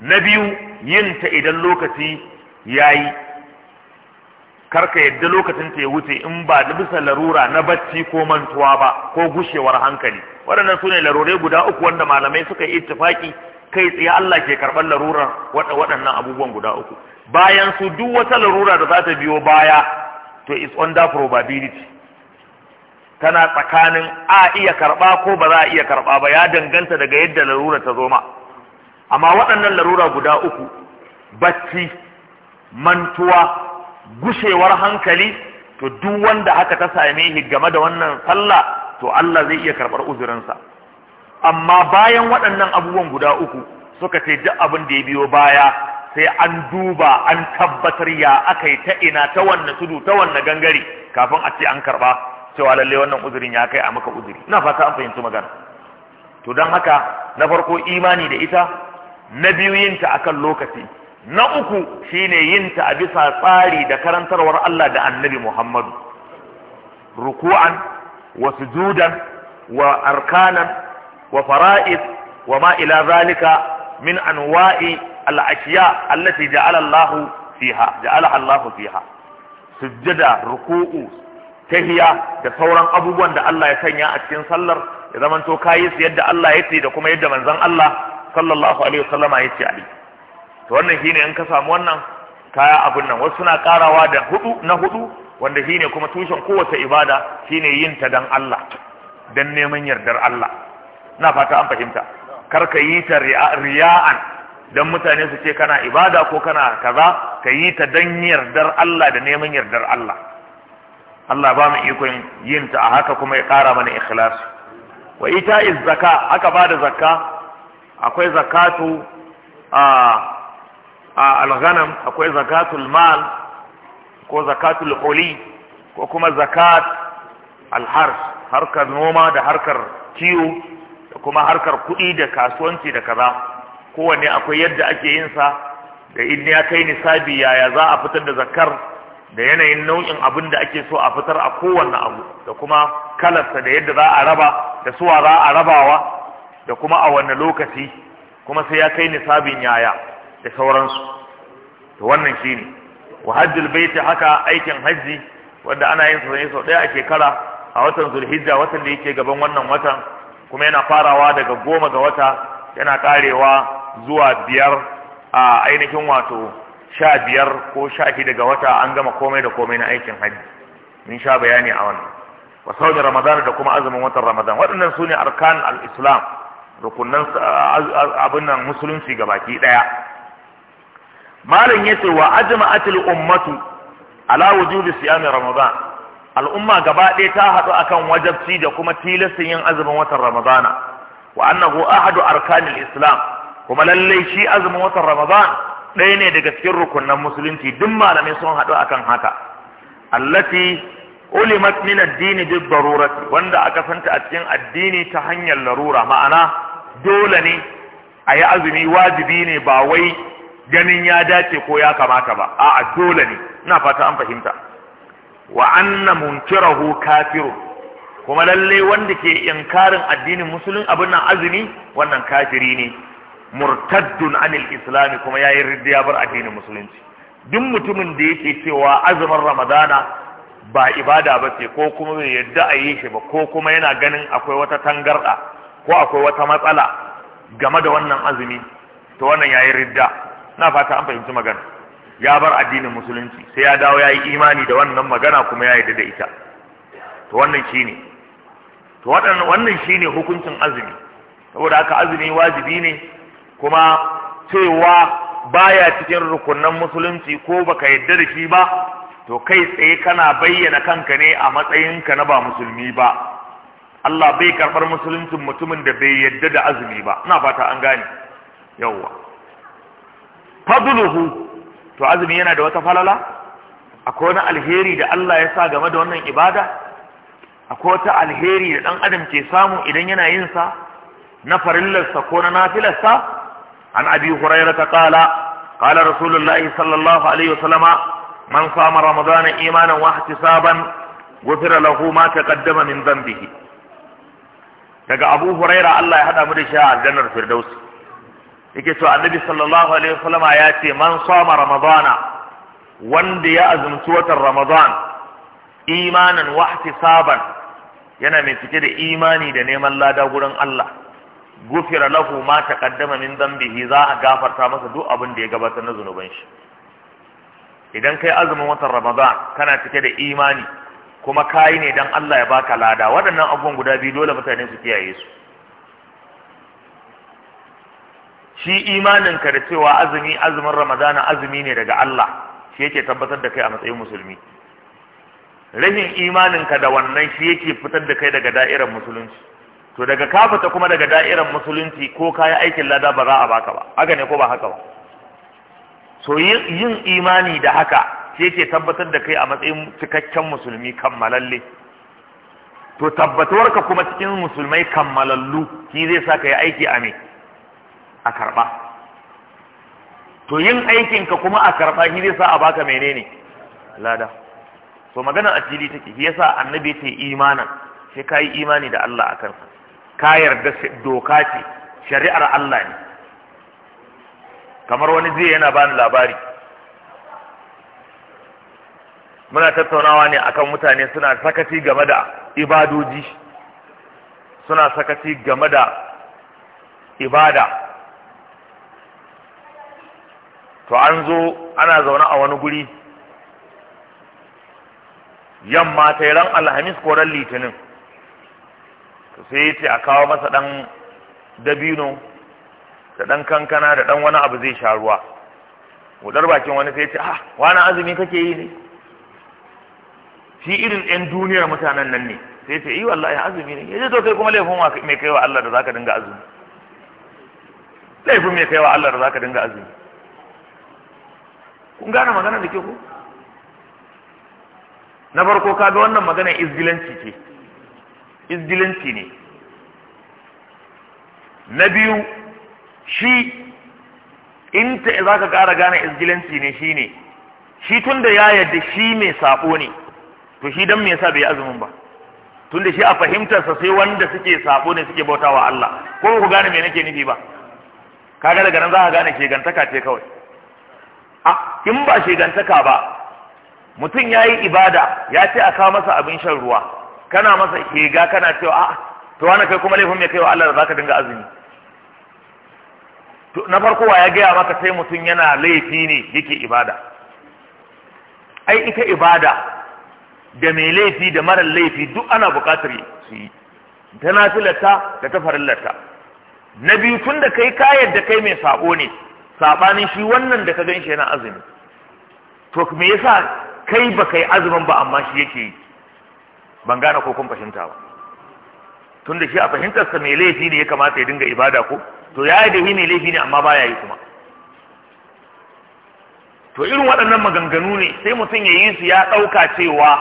na biyu yin ta idan lokaci ya yi ka yadda lokacin ta ya wuce in ba da bisa larura na bacci ko mantuwa ba ko gushewar hankali waɗannan sune ne guda uku wanda malamai suka yi ittifaki kai tsaye Allah ke karɓar larurar waɗannan abubuwan guda uku bayan su duk wata larura da za ta biyo baya to it's under probability tana tsakanin a iya karɓa ko ba za a iya karɓa ba ya danganta daga yadda larura ta zo ma amma waɗannan larura guda uku bacci mantuwa gushewar hankali to duk wanda haka ta same shi game da wannan sallah to Allah zai iya karɓar uzurinsa amma bayan waɗannan abubuwan guda uku suka ce duk abin da ya biyo baya sai an duba an tabbatar ya aka yi ta ina ta wanne tudu ta wanne gangare kafin a ce an karɓa cewa lalle wannan uzurin ya kai a maka uzuri ina fata an fahimci magana to don haka na farko imani da ita na biyu yinta a akan lokaci na uku shine yin ta a bisa tsari da karantarwar Allah da Annabi Muhammadu ruku'an wa sujudan wa arkanan wa fara'id wa ma ila zalika min anwa'i al'ashiya, ashiya allati ja'ala Allah fiha ja'ala Allah fiha sujjada ruku'u tahiya da sauran abubuwan da Allah ya sanya a cikin sallar ya zamanto kayi su yadda Allah ya ce da kuma yadda manzon Allah sallallahu alaihi wasallam ya ce ali to wannan shine in ka samu wannan kaya abun nan wasu suna karawa da hudu na hudu wanda shine kuma tushen kowace ibada shine yin ta dan Allah dan neman yardar Allah na fata an fahimta kar ka yi ta riya'an dan mutane su ce kana ibada ko kana kaza ka yi ta dan yardar Allah da neman yardar Allah Allah ba mu ikon yin ta a haka kuma ya ƙara mana ikhlasi wa ita iz zaka aka ba da zakka akwai zakatu a al-ghanam akwai zakatul mal ko zakatul huli ko kuma zakat al-har harkar noma da harkar kiwo da kuma harkar kuɗi da kasuwanci da kaza kowanne akwai yadda ake yin sa da in ya kai nisabi yaya za a fitar da zakar da yanayin nau'in abin da ake so a fitar a kowanne abu da kuma kalarsa da yadda za a raba da suwa za a rabawa da kuma a wanne lokaci kuma sai ya kai nisabin yaya da sauransu to wannan shine wa hajjul baiti haka aikin hajji wanda ana yin sa ne sau ɗaya a shekara a watan zulhijja watan da yake gaban wannan watan kuma yana farawa daga goma ga wata yana karewa zuwa biyar a ainihin wato sha biyar ko sha shida wata an gama komai da komai na aikin hajji mun sha bayani a wannan wa saudi ramadan da kuma azumin watan ramadan waɗannan su ne arkan al rukunan abin nan musulunci ga baki ɗaya malam ya ce wa ajma'atil ummatu ala wujubi siyami ramadan al'umma gaba ɗaya ta haɗu akan wajabci da kuma tilastin yin azumin watan ramadana wa annahu ahadu arkanil islam kuma lallai shi azumin watan ramadan ɗaya ne daga cikin rukunan musulunci duk malamai sun haɗu akan haka allati ulimat min addini bi darurati wanda aka santa a cikin addini ta hanyar larura ma'ana dole ne a yi azumi wajibi ne ba wai ganin ya dace ko ya kamata ba a dole ne ina fata an fahimta wa anna munkirahu kafiru kuma lallai wanda ke yankarin addinin musulun abin nan azumi wannan kafiri ne murtaddun anil islami kuma yayi riddiya bar addinin musulunci duk mutumin da yake cewa azumin ramadana ba ibada ba ce ko kuma bai yadda a yi shi ba ko kuma yana ganin akwai wata tangarda ko akwai wata matsala game da wannan azumi to wannan yayi ridda na fata an fahimci magana ya bar addinin musulunci sai ya dawo yayi imani da wannan magana kuma ya yadda da ita to wannan shine to wannan shine hukuncin azumi saboda haka azumi wajibi ne kuma cewa baya cikin rukunan musulunci ko baka yadda da shi ba to kai tsaye kana bayyana kanka ne a matsayinka na ba musulmi ba Allah bai karɓar musuluncin mutumin da bai yadda da azumi ba ina fata an gane yawwa fadluhu to azumi yana da wata falala akwai wani alheri da Allah ya sa game da wannan ibada akwai wata alheri da dan adam ke samu idan yana yin sa na farillarsa ko na nafilarsa عن أبي هريرة قال قال رسول الله صلى الله عليه وسلم من صام رمضان إيمانا واحتسابا غفر له ما تقدم من ذنبه daga abu huraira Allah ya hada mu da shi a aljannar firdaus yake cewa annabi sallallahu alaihi wasallam ya ce man sama ramadana wanda ya azumci watan ramadan imanan wa ihtisaban yana mai cike da imani da neman lada gurin Allah gufira lahu ma taqaddama min dhanbihi za a gafarta masa duk abin da ya gabatar na zunuban shi idan kai azumin watan Ramadan kana cike da imani kuma kai ne dan Allah ya baka lada waɗannan abun guda biyu dole mutane su kiyaye su shi imaninka da cewa azumi azumin Ramadana azumi ne daga Allah shi yake tabbatar da kai a matsayin musulmi rahin imaninka da wannan shi yake fitar da kai daga da'irar musulunci to daga ka fita kuma daga da'irar musulunci ko kayi aikin lada ba za a baka ba haka ne ko ba haka ba so yin imani da haka shi ke tabbatar da kai a matsayin cikakken musulmi kammalalle to ka kuma cikin musulmai kammalallu shi zai sa ka yi aiki a me a karɓa to yin aikinka kuma a karɓa shi zai sa a baka menene lada To maganar asiri take shi yasa annabi ce imanan sai ka yi imani da Allah a kansa ka yarda doka ce shari'ar Allah ne kamar wani zai yana bani labari muna tattaunawa ne akan mutane suna sakaci game da ibadoji suna sakaci game da ibada to an zo ana zaune a wani guri yamma ta ran alhamis ko ran litinin to sai ya ce a kawo masa ɗan dabino da ɗan kankana da ɗan wani abu zai sha ruwa wudar bakin wani sai ya ce ah wani azumi kake yi ne shi irin ɗan duniyar mutanen nan ne sai ce yi wallahi azumi ne yaje to kai kuma laifin mai kai wa Allah da zaka dinga azumi laifin mai kai wa Allah da zaka dinga azumi kun gane magana da ke ku na farko ka bi wannan magana izgilanci ce izgilinci ne na biyu shi in ta za ka ƙara gane izgilinci ne shi ne shi tun da ya yadda shi mai saɓo ne to shi don me yasa bai azumin ba tun da shi a fahimtarsa sai wanda suke saɓo ne suke bauta wa Allah ko ku gane me nake nufi ba kaga daga nan za ka gane shegantaka ce kawai a in ba shegantaka ba mutum ya yi ibada ya ce a kawo masa abin shan ruwa kana masa kega kana cewa a to wani kai kuma laifin mai kaiwa Allah da zaka dinga azumi na farko wa ya gaya maka sai mutum yana laifi ne yake ibada ai ita ibada da mai laifi da mara laifi duk ana buƙatar su yi ta nafilata da ta farillata na biyu tun da kai ka da kai mai sabo ne sabanin shi wannan da ka gan shi yana azumi to me yasa kai ba kai azumin ba amma shi yake yi ban gane ko kun fahimta ba tunda shi a fahimtarsa mai laifi ne ya kamata ya dinga ibada ko to ya yi shi mai laifi ne amma baya yi kuma to irin waɗannan maganganu ne sai mutum ya yi su ya ɗauka cewa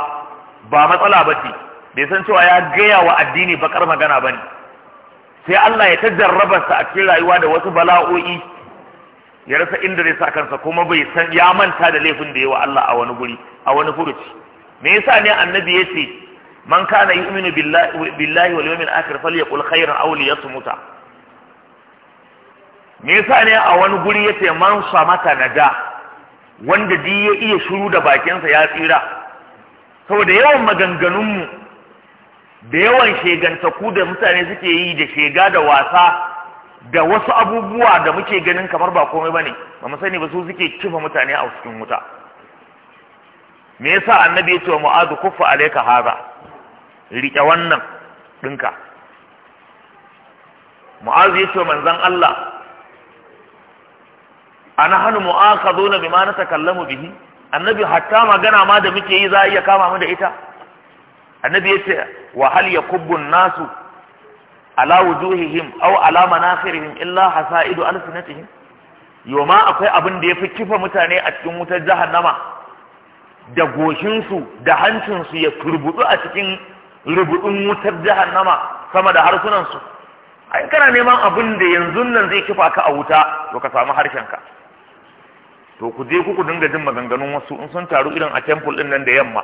ba matsala ba ce bai san cewa ya gaya wa addini bakar magana ba ne sai Allah ya ta jarrabarsa a cikin rayuwa da wasu bala'o'i ya rasa inda zai sa kansa kuma bai san ya manta da laifin da yawa Allah a wani guri a wani furuci me yasa ne annabi ya ce man yi yu'minu billahi wal yawmil akhir falyaqul khairan aw liyasmuta me yasa ne a wani guri ya ce man samata da wanda di ya iya shiru da bakinsa ya tsira saboda yawan maganganunmu da yawan shegantaku da mutane suke yi da shega da wasa da wasu abubuwa da muke ganin kamar ba komai ba ne ba mu sani ba su suke kifa mutane a cikin wuta me yasa annabi ya ce wa mu'azu kuffa alayka haza riƙe wannan ɗinka mu'azu ya ce manzan Allah ana hannu zo na bima ma na mu bihi annabi hatta magana ma da muke yi za a iya kama mu da ita annabi ya ce wa hal kubbun nasu ala wujuhihim aw ala manakhirihim illa hasaidu alsinatihim yoma akwai abin da yafi kifa mutane a cikin wutar jahannama da goshinsu da hancinsu ya turbudu a cikin rubudin wutar jahannama sama da harsunansu ai kana neman abin da yanzu nan zai kifa ka a wuta to ka samu harshenka to ku je kuku dinga jin maganganun wasu in sun taru irin a temple din nan da yamma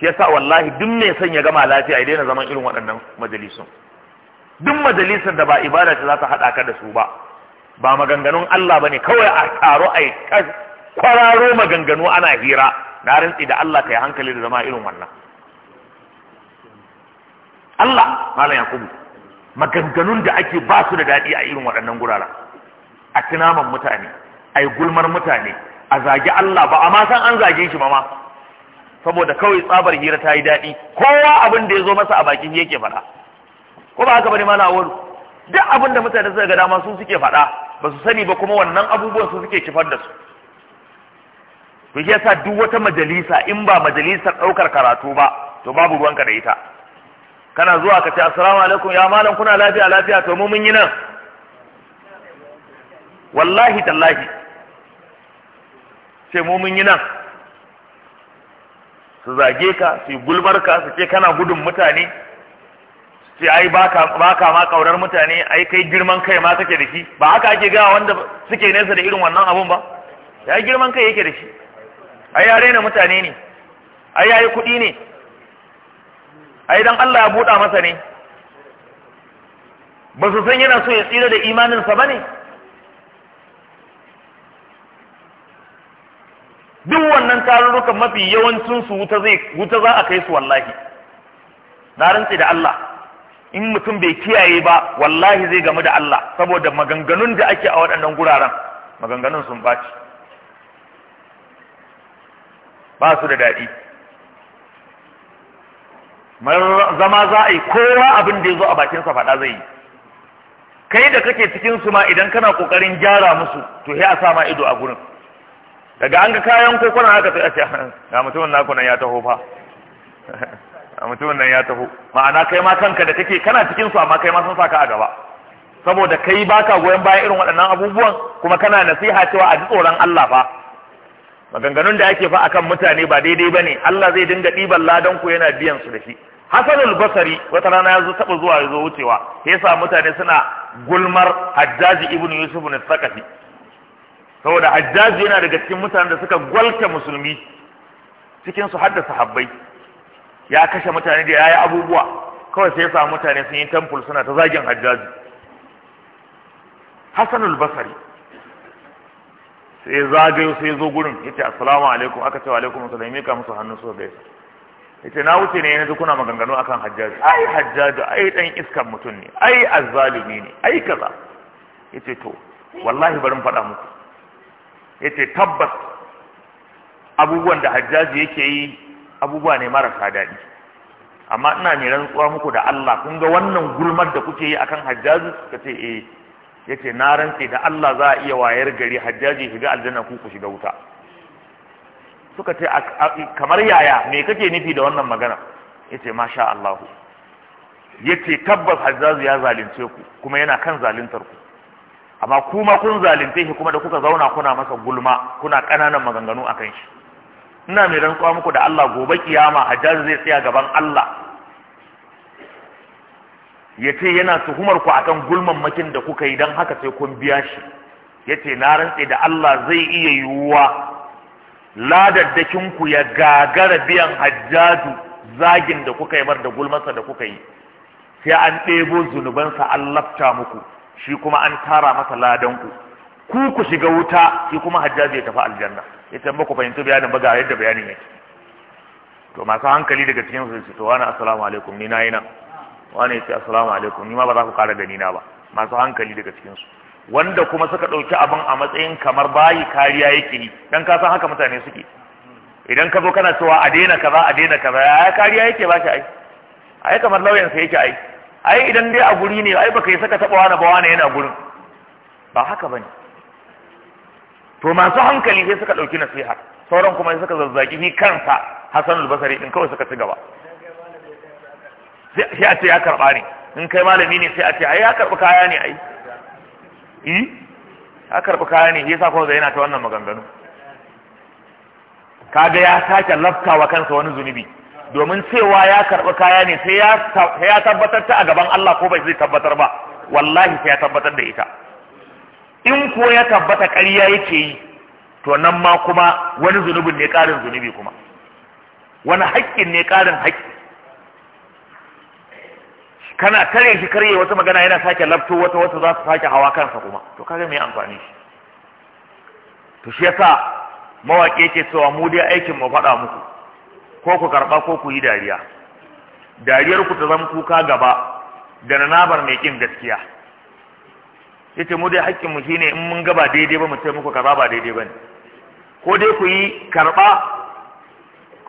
shi yasa wallahi duk mai son ya gama lafiya idan daina zaman irin waɗannan majalisun duk majalisar da ba ibada ta za ta haɗa ka da su ba ba maganganun Allah bane kawai a taro a kwararo maganganu ana hira na rantsi da Allah kai hankali da zama irin wannan Allah malam yakubu maganganun da ake ba su da daɗi a irin waɗannan gurara a tunaman mutane a yi gulmar mutane a zagi Allah ba amma san an zage shi ba ma saboda kawai tsabar hira ta yi daɗi kowa abin da ya zo masa a bakin yake faɗa ko ba haka bane malam awolu duk abin da mutane suka ga dama su suke faɗa ba su sani ba kuma wannan abubuwan su suke kifar da su to shi yasa duk wata majalisa in ba majalisar ɗaukar karatu ba to babu ruwanka da ita kana zuwa ka ce assalamu alaikum ya malam kuna lafiya lafiya to mu mun yi nan wallahi tallahi sai mu mun yi nan su zage ka su gulmar ka su ce kana gudun mutane su ce ai baka baka ma kaurar mutane ai kai girman kai ma kake da shi ba haka ake gawa wanda suke nesa da irin wannan abun ba ya girman kai yake da shi ai ya rena mutane ne ai yi kuɗi ne ai dan Allah ya buɗa masa ne ba su san yana so ya tsira da imaninsa ba ne duk wannan tarurrukan mafi yawancinsu wuta za a kai su wallahi na rantse da Allah in mutum bai kiyaye ba wallahi zai gamu da Allah saboda maganganun da ake a waɗannan guraren maganganun sun baci ba su da daɗi zama za a yi kowa abin da ya zo a bakinsa faɗa zai yi kai da kake cikin su ma idan kana kokarin gyara musu to sai a sa ma ido a gurin daga an ga kayan kokona haka sai a ce ga mutumin naku nan ya taho fa a mutumin nan ya taho ma'ana kai ma kanka da kake kana cikinsu su amma kai ma sun saka a gaba saboda kai baka goyon bayan irin waɗannan abubuwan kuma kana nasiha cewa a ji tsoron Allah fa maganganun da ake fa akan mutane ba daidai bane Allah zai dinga ɗiban ladan ku yana biyan su da shi Hassanul Basri wata rana ya zo taɓa zuwa ya wucewa ya sa mutane suna gulmar Hajjaji ibn Yusuf ibn Sakafi saboda Hajjaji yana daga cikin mutanen da suka gwalta musulmi cikin su hadda sahabbai ya kashe mutane da yayi abubuwa kawai sai ya sa mutane sun yi temple suna ta zagin Hajjaji Hassanul Basri sai zagayo sai zo gurin yace assalamu alaikum aka ce wa alaikum assalam mika musu hannu su ya yace na wuce ne yanzu kuna maganganu akan hajjaji ai hajjaji ai dan iskan mutum ne ai azzalimi ne ai kaza yace to wallahi bari faɗa muku yace tabbas abubuwan da hajjaji yake yi abubuwa ne marasa daɗi amma ina mai rantsuwa muku da Allah kun ga wannan gulmar da kuke yi akan hajjaji kace eh yace na rantse da Allah za a iya wayar gari hajjaji shiga aljanna ku ku shiga wuta suka ce kamar yaya me kake nufi da wannan magana yace masha Allah yace tabbas hajjaji ya zalunce ku kuma yana kan zaluntar ku amma kuma kun zalunce shi kuma da kuka zauna kuna masa gulma kuna kananan maganganu akan shi ina mai rantsuwa muku da Allah gobe kiyama hajjaji zai tsaya gaban Allah ya ce yana tuhumar ku akan gulman makin da kuka yi don haka sai kun biya shi ya ce na rantse da Allah zai iya yiwuwa ladaddakin ku ya gagara biyan hajjaju zagin da kuka yi mar da gulmansa da kuka yi sai an ɗebo zunubansa an lafta muku shi kuma an tara masa ladanku ku ku shiga wuta shi kuma hajjaju ya tafi aljanna ya ce ku fahimci bayanin ba ga yadda bayanin yake to masu hankali daga cikin su to wani assalamu alaikum ni na yi nan wani ya ce assalamu alaikum ni ma ba za ku kara gani na ba masu hankali daga cikinsu wanda kuma suka ɗauki abin a matsayin kamar bayi kariya yake yi dan ka san haka mutane suke idan ka zo kana cewa a daina kaza a daina kaza ya kariya yake ba shi ai ai kamar lauyan sa yake ai ai idan dai a guri ne ai baka yi saka taba wani ba wani yana gurin ba haka bane to masu hankali sai suka ɗauki nasiha sauran kuma sai suka zazzaki ni kansa Hassan al-Basri din kawai suka ci gaba sai a ce ya karba ne in kai malami ne sai a ce ai ya karbi kaya ne ai yi eh? ya karbi kaya ne yasa kuma zai yana ta wannan maganganu kaga ya sake laftawa kansa wani zunubi domin cewa ya karbi kaya ne sai ya tabbatar ta a gaban Allah ko bai zai tabbatar ba wallahi sai ya tabbatar da ita in ko ya tabbata ƙarya yake yi to nan ma kuma wani zunubin ne ƙarin zunubi kuma wani haƙƙin ne ƙarin haƙƙi kana kare shi karye wata magana yana sake labto wata wata za su sake hawa kansa kuma to kaga mai amfani shi to shi yasa mawaƙi yake cewa mu dai aikin mu faɗa muku ko ku karɓa ko ku yi dariya dariyar ku ta zama kuka gaba da nanabar mai kin gaskiya yace mu dai haƙƙin mu shine in mun gaba daidai ba mu ce muku kaza ba daidai bane ko dai ku yi karɓa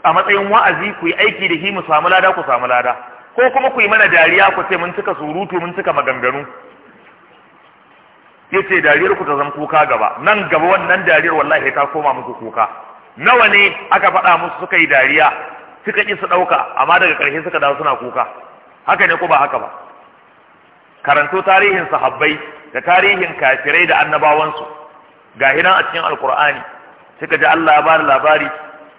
a matsayin wa'azi ku yi aiki da shi mu samu lada ku samu lada ko kuma ku yi mana dariya ku ce mun cika surutu mun cika maganganu ya ce dariyar ku ta zama kuka gaba nan gaba wannan dariyar wallahi ta koma muku kuka nawa ne aka faɗa musu suka yi dariya suka ƙi su ɗauka amma daga ƙarshe suka dawo suna kuka haka ne ko ba haka ba karanto tarihin sahabbai da tarihin kafirai da annabawansu ga hinan a cikin alkur'ani suka ji Allah ya bada labari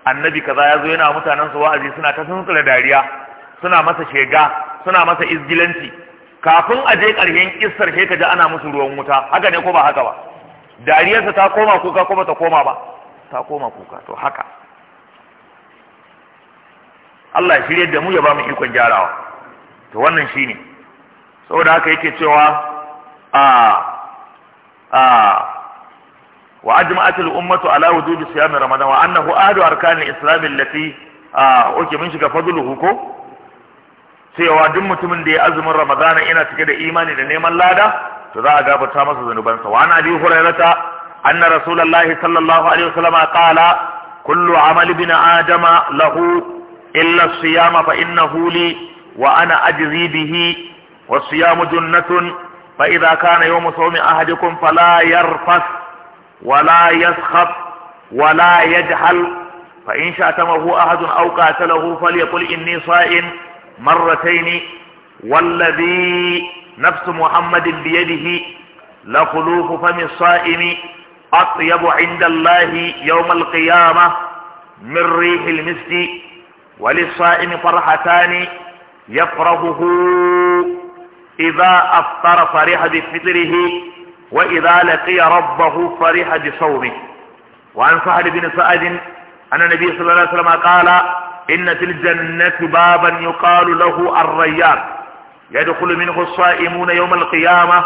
annabi kaza ya zo yana mutanensu wa'azi suna ta tsuntsula dariya suna masa shega suna masa izgilanci kafin a je ƙarshen kissar sai kaji ana musu ruwan wuta haka ne ko ba haka ba dariyarsa ta koma kuka ko ba ta koma ba ta koma kuka to haka Allah ya shirye da mu ya ba mu ikon gyarawa to wannan shine saboda haka yake cewa a a wa ajma'at al-ummatu ala wujubi siyam ramadan wa annahu ahadu arkan al-islam allati a oke mun shiga fadluhu ko cewa duk mutumin da ya azumin ramadana ina cike da imani da neman lada to za a gabata masa zunubansa wa an hurairata anna rasulullahi sallallahu alaihi wasallam qala kullu amali bin adama lahu illa siyama fa innahu li wa ana ajzi bihi wa siyamu junnatun fa idha kana yawm sawmi ahadikum fala yarfas wala yaskhab wala yajhal fa in shatamahu ahadun aw qatalahu falyaqul inni sa'in مرتين والذي نفس محمد بيده لخلوف فم الصائم أطيب عند الله يوم القيامة من ريح المسك وللصائم فرحتان يفرحه إذا أفطر فرح بفطره وإذا لقي ربه فرح بصومه وعن سهل بن سعد أن النبي صلى الله عليه وسلم قال inna fil jannati baban yuqalu lahu ar-rayyan yadkhulu minhu as-sa'imuna yawm al-qiyamah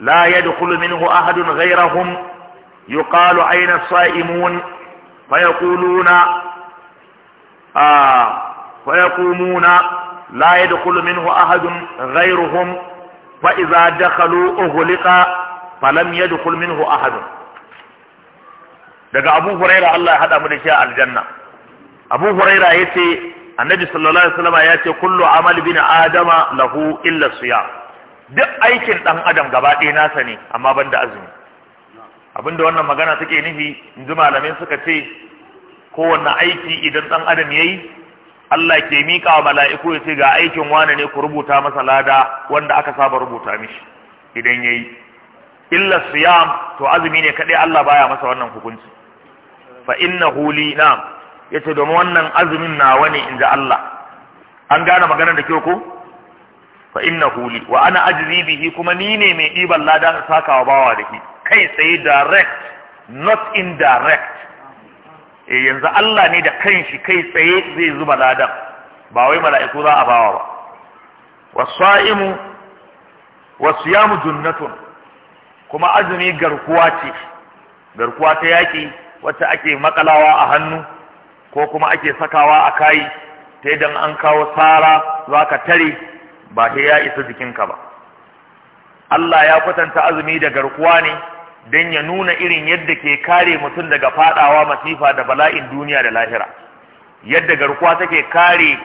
la yadkhulu minhu ahadun ghayrahum yuqalu ayna as-sa'imun fayaquluna فيقومون لا يدخل ahadun أحد غيرهم فإذا دخلوا أغلق فلم يدخل منه ahadun daga abu huraira Allah ya hada mu da shi a aljanna abu huraira ya ce annabi sallallahu alaihi wasallam ya ce kullu amal bin adama lahu illa siya duk aikin ɗan adam gaba ɗaya nasa ne amma ban da azumi abinda wannan magana suke nufi yanzu malamin suka ce kowanne aiki idan ɗan adam yayi Allah ke miƙa wa mala'iku ya ce ga aikin wane ne ku rubuta masa lada wanda aka saba rubuta mishi idan yayi illa siyam to azumi ne kaɗai Allah baya masa wannan hukunci fa innahu li na'am ya ce domin wannan azumin nawa ne in Allah an gane maganar da kyau ko fa inna huli wa ana ajzi bihi kuma ni ne mai ɗiban lada a sakawa bawa da shi kai tsaye direct not indirect eh yanzu Allah ne da kanshi kai tsaye zai zuba ladan ba wai mala'iku za a bawa ba wasaimu wasiyamu junnatun kuma azumi garkuwa ce garkuwa ta yaki wacce ake makalawa a hannu ko kuma ake sakawa a kayi ta idan an kawo tsara za ka tare ba ta ya isa jikinka ba Allah ya kwatanta azumi da garkuwa ne don ya nuna irin yadda ke kare mutum daga fadawa masifa da bala'in duniya da lahira yadda garkuwa take kare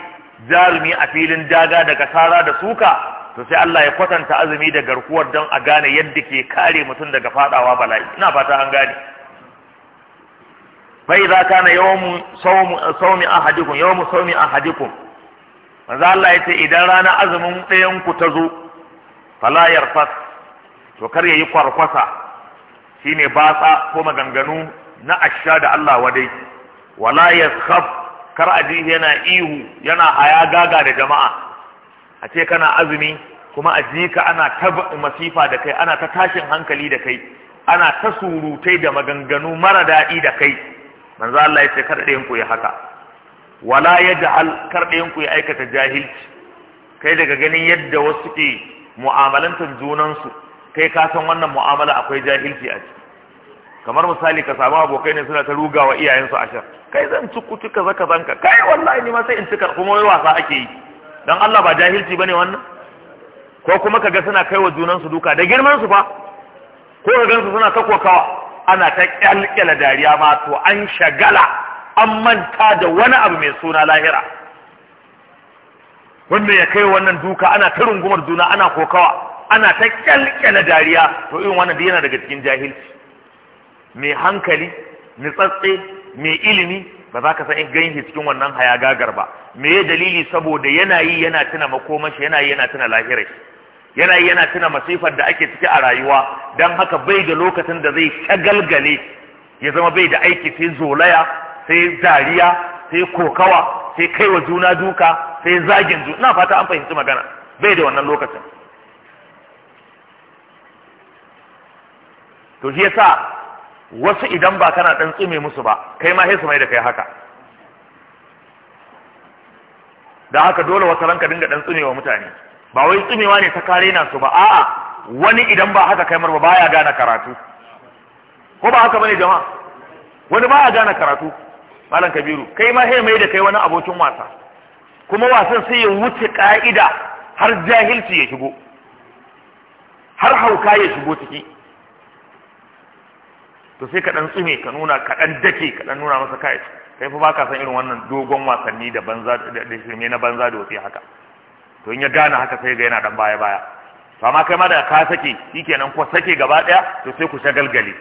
jarumi a filin daga daga tsara da suka to sai Allah ya kwatanta azumi da garkuwar don a gane yadda ke kare mutum daga fadawa bala'i ina fata an gane fa idza kana yawmu sawm sawmi ahadikum yawmu sawmi ahadikum manzo Allah yace idan rana azumin ɗayan ku ta zo fala yarfas to kar ya yi kwarkwasa Shi shine batsa ko maganganu na asha da Allah wadai wala yaskhaf kar aji yana ihu yana haya gaga da jama'a a ce kana azumi kuma a ka ana ta masifa da kai ana ta tashin hankali da kai ana ta surutai da maganganu mara daɗi da kai manzo Allah yace ce ku ya haka wala yaj'al kar ɗayan ku ya aikata jahilci kai daga ganin yadda wasu suke mu'amalantar junansu kai ka san wannan mu'amala akwai jahilci a ciki kamar misali ka samu abokai ne suna ta ruga wa iyayensu ashar kai zan ci kuci kaza ka kai wallahi ni ma sai in cika kuma wai wasa ake yi dan Allah ba jahilci bane wannan ko kuma kaga suna kai wa junansu duka da girman su fa ko ka gansu suna ta kokawa ana ta kyalkyala dariya ma to an shagala an manta da wani abu mai suna lahira wanda ya kai wannan duka ana ta rungumar juna ana kokawa ana ta kyalkyala dariya to irin wannan da yana daga cikin jahilci mai hankali nitsatse mai ilimi ba za ka san ganshi cikin wannan hayagagar ba me dalili saboda yana yi yana tuna makomashi yana yi yana tuna lahirar yana yana tuna masifar da ake ciki a rayuwa don haka bai da lokacin da zai shagalgale ya zama bai da aiki sai zolaya sai dariya sai kokawa sai kaiwa juna duka sai zagin juna na fata an fahimci magana bai da wannan lokacin to shi yasa wasu idan ba kana dan tsume musu ba kai ma sai mai da kai haka da haka dole wasu ranka dinga dan tsumewa mutane ba wai tsumewa ne ta kare na su ba a wani idan ba haka kaimar ba baya gane karatu ko ba haka bane jama'a wani baya gane karatu malam kabiru kai ma sai mai da kai wani abokin wasa kuma wasan sai ya wuce ka'ida har jahilci ya shigo har hauka ya shigo ciki to sai ka dan tsume ka nuna ka dan dake ka dan nuna masa kai kai fa baka san irin wannan dogon wasanni da banza da shirme na banza da wasi haka to in ya gane haka sai ga yana dan baya baya to amma kai ma da ka sake shikenan ko sake gaba daya to sai ku shagalgale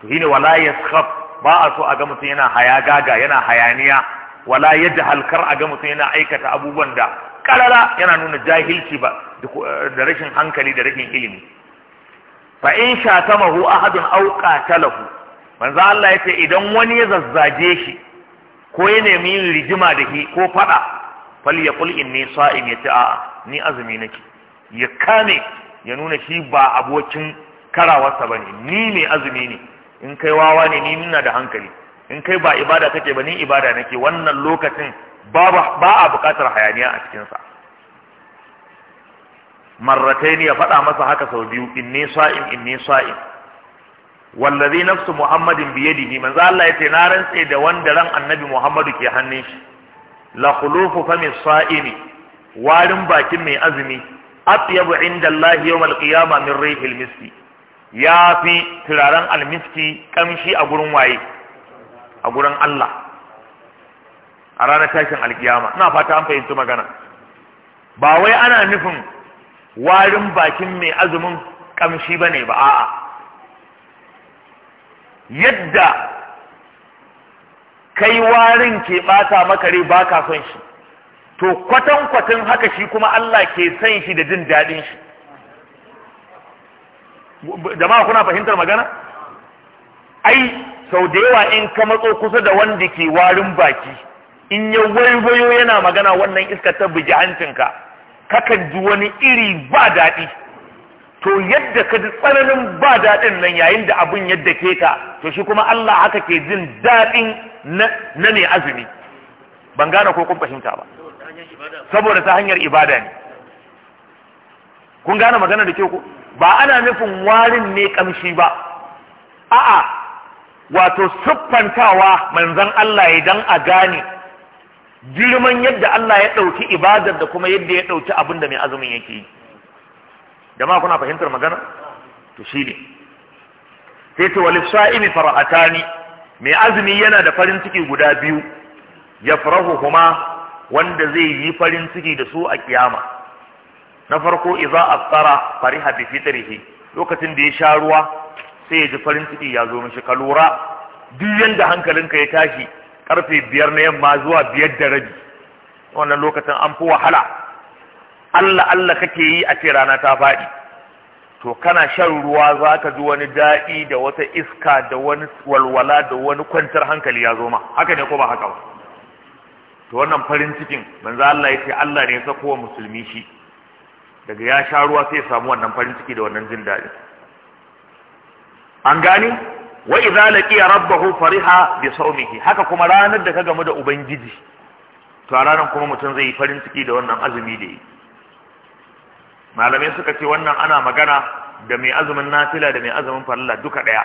to shine wala yaskhaf ba a so a ga mutum yana haya gaga yana hayaniya wala yajhal kar a ga mutum yana aikata abubuwan da karara yana nuna jahilci ba da rashin hankali da rashin ilimi fa in shatamahu ahadun aw qatalahu manzo Allah yace idan wani ya zazzaje shi ko ya nemi yin rijima da shi ko fada falyaqul inni sa'im yace a'a ni azumi nake ya kame ya nuna shi ba abokin karawarsa bane ni ne azumi ne in kai wawa ne ni ina da hankali in kai ba ibada kake ba ni ibada nake wannan lokacin ba ba a buƙatar hayaniya a cikin sa ne ya faɗa masa haka sau biyu inni sa'im inni sa'im wallazi nafsu muhammadin biyadihi manzo Allah yace na rantse da wanda ran annabi muhammadu ke hannun shi la khulufu fami sa'imi warin bakin mai azumi atyabu inda Allah yawmal qiyama min rihil miski ya fi turaren almiski kamshi a gurin waye a gurin Allah a ranar tashin alkiyama ina fata an fahimci magana ba wai ana nufin warin bakin mai azumin kamshi bane ba a'a yadda kai warin ke bata maka rai baka son shi to kwatan kwatan haka shi kuma Allah ke san shi da jin dadin shi jama'a kuna fahimtar magana ai sau da yawa in ka matso kusa da wanda ke warin baki in ya waiwayo yana magana wannan iska ta buji hancinka kakan ji wani iri ba daɗi to yadda ka ji tsananin ba daɗin nan yayin da abin yadda ke ka to shi kuma Allah haka ke jin daɗin na ne azumi ban gane ko kun fahimta ba saboda ta hanyar ibada ne kun gane magana da ke ku ba ana nufin warin ne kamshi ba a'a wato siffantawa manzan Allah idan a gane girman yadda Allah ya ɗauki ibadar da kuma yadda ya ɗauki abin da mai azumin yake yi Da ma kuna fahimtar magana to shi ne sai ta walif sha'imi fara'atani mai azumi yana da farin ciki guda biyu ya kuma wanda zai yi farin ciki da su a kiyama na farko iza afsara fariha bi fitrihi lokacin da ya sha ruwa sai ya ji farin ciki ya zo mishi ka duk yanda hankalinka ya tashi karfe biyar na yamma zuwa biyar da rabi wannan lokacin an fi wahala Allah Allah kake yi a ce rana ta faɗi to kana shan ruwa za ka ji wani daɗi da wata iska da wani walwala da wani kwantar hankali ya zo ma haka ne ko ba haka ba to wannan farin cikin manzo Allah ya Allah ne ya sako wa musulmi shi daga ya sha ruwa sai ya samu wannan farin ciki da wannan jin daɗi an gani wa idza laqiya rabbahu fariha bi sawmihi haka kuma ranar da ka gamu da ubangiji to a ranar kuma mutum zai yi farin ciki da wannan azumi da yi malamai suka ce wannan ana magana da mai azumin nafila da mai azumin farilla duka daya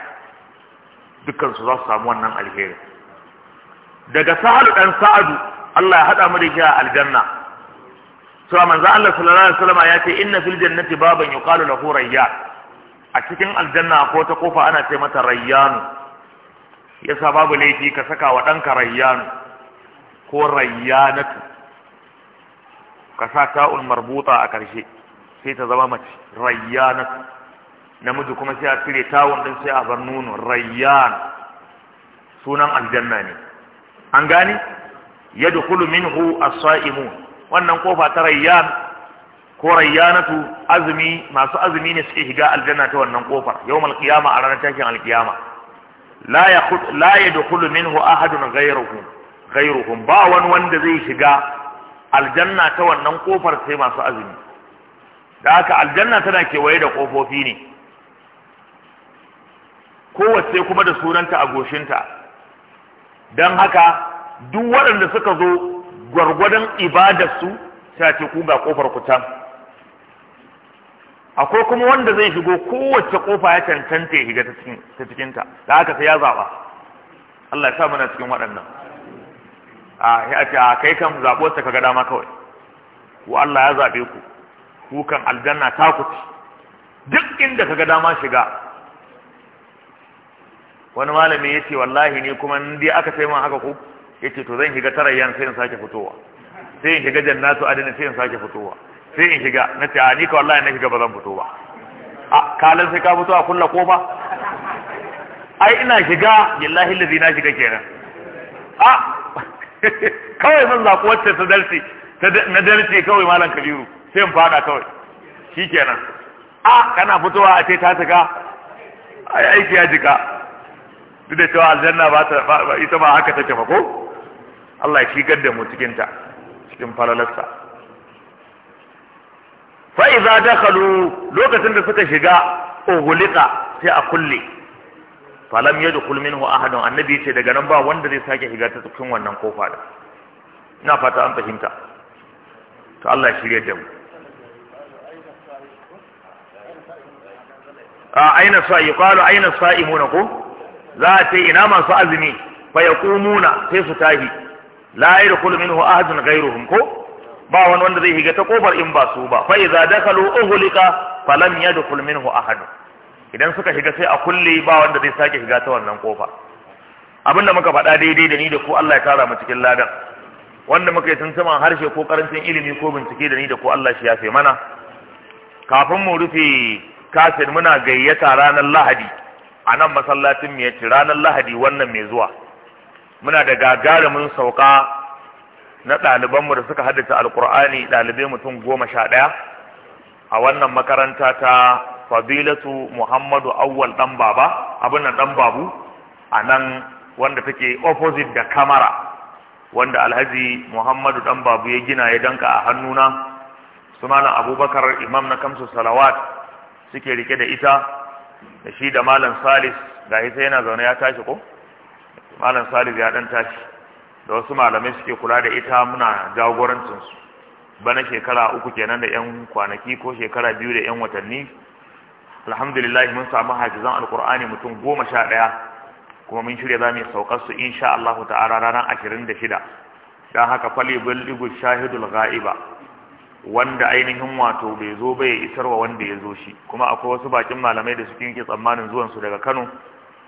dukkan su za su samu wannan alheri daga sa'adu dan sa'adu Allah ya hada mu da shi a aljanna cewa manzo Allah sallallahu alaihi wasallam ya ce inna fil jannati baban yuqalu lahu rayyan a cikin aljanna ko ta kofa ana ce mata rayyanu yasa babu laifi ka saka wa ɗanka rayyanu ko rayyanatu ka sa ta'ul marbuta a ƙarshe sai ta zama mace rayyanatu namiji kuma sai a cire tawun din sai a bar nono rayyan sunan aljanna ne an gane yadkhulu minhu as-sa'imun wannan kofa ta rayyan ko rayyanatu azumi masu azumi ne suke shiga aljanna ta wannan kofar yawmal qiyama a ranar tashin alqiyama la yakhud la yadkhulu minhu ahadun ghayruhum ghayruhum ba wani wanda zai shiga aljanna ta wannan kofar sai masu azumi da haka aljanna tana kewaye da kofofi ne kowace kuma da sunanta a goshinta don haka duk waɗanda suka zo gwargwadon ibadarsu sai ce ku ga kofar ku can akwai kuma wanda zai shigo kowace kofa ya cancanta ya shiga ta cikinta da haka sai ya zaɓa Allah ya sa mana cikin waɗannan a ya ce a kai kan zaɓuwarsa ka ga dama kawai ko Allah ya zaɓe ku kukan aljanna ta kuci duk inda kaga dama shiga wani malami ya ce wallahi ne kuma dai aka sai man haka ku ya ce to zan shiga tarayyan sai in sake fitowa sai in shiga jannatu adana sai in sake fitowa sai in shiga na ce a ni ka wallahi na shiga ba zan fito ba a kalan sai ka fito a kulla ko ba ai ina shiga billahi allazi na shiga kenan a kawai zan zaku wacce ta darsi na darsi kawai malam kabiru sai in fada kawai kenan a kana fitowa a ce ta tuka ai aiki ya jika duk da cewa aljanna ba ta ita ba haka take ba ko Allah ya shigar da mu cikin ta cikin falalarsa fa idza dakhalu lokacin da suka shiga ughliqa sai a kulle falam yadkhul minhu ahadun annabi ce daga nan ba wanda zai sake shiga ta cikin wannan kofa da ina fata an fahimta to Allah ya shirye da mu aina sa yuqalu aina sa'imuna ko za a ce ina masu azumi fa yaqumuna sai su tahi la yadkhulu minhu ahadun ghayruhum ko ba wani wanda zai higa ta kofar in ba su ba fa idza dakhalu hulika? falam yadkhul minhu ahad idan suka shiga sai a kulle ba wanda zai sake shiga ta wannan kofa abinda muka faɗa daidai da ni da ku Allah ya kara mu cikin ladan wanda muka yi tuntuman harshe ko karancin ilimi ko bincike da ni da ku Allah shi ya mana kafin mu rufe kafin muna gayyata ranar lahadi a nan masallacin mai ranar lahadi wannan mai zuwa muna da gagarumin sauka na ɗalibanmu da suka haddace alkur'ani ɗalibai mutum goma sha ɗaya a wannan makaranta ta fadilatu muhammadu awwal ɗan baba abin nan ɗan babu a nan wanda take opposite da kamara wanda alhaji muhammadu ɗan babu ya gina ya danka a hannuna sunana abubakar imam na kamsu salawat suke rike da ita da shi da malam salis ga sai yana zaune ya tashi ko malam salis ya dan tashi da wasu malamai suke kula da ita muna jagorancinsu bana shekara uku kenan da 'yan kwanaki ko shekara biyu da 'yan watanni alhamdulillah mun samu hafizan alkur'ani mutum goma sha ɗaya kuma mun shirya za mu saukar su insha Allah ta'ala ranar ashirin da shida don haka fali bulligu shahidul ga'iba wanda ainihin wato bai zo bai isarwa wanda ya zo shi kuma akwai wasu bakin malamai da suke yake tsammanin zuwan su daga kano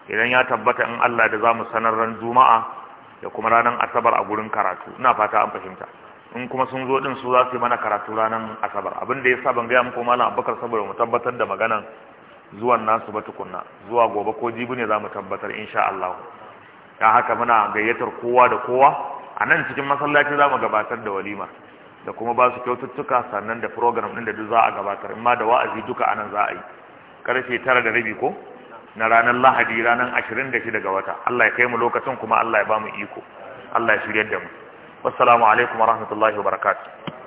idan ya tabbata in allah da zamu sanar ran juma'a da kuma ranar asabar a gurin karatu ina fata an fahimta in kuma sun zo din su za su yi mana karatu ranar asabar abin da ya sa ban gaya muku malam abubakar saboda mu tabbatar da maganan zuwan nasu ba tukunna zuwa gobe ko jibi ne za mu tabbatar insha allah don haka muna gayyatar kowa da kowa a nan cikin masallaci zamu gabatar da walima da kuma ba su kyaututtuka sannan da program ɗin da duk za a gabatar amma da wa'azi duka anan za a yi karfe tara da rabi ko na ranar lahadi ranar ashirin da shida ga wata Allah ya kai mu lokacin kuma Allah ya ba mu iko Allah ya shiryar da mu wassalamu alaikum wa rahmatullahi wa barakatuh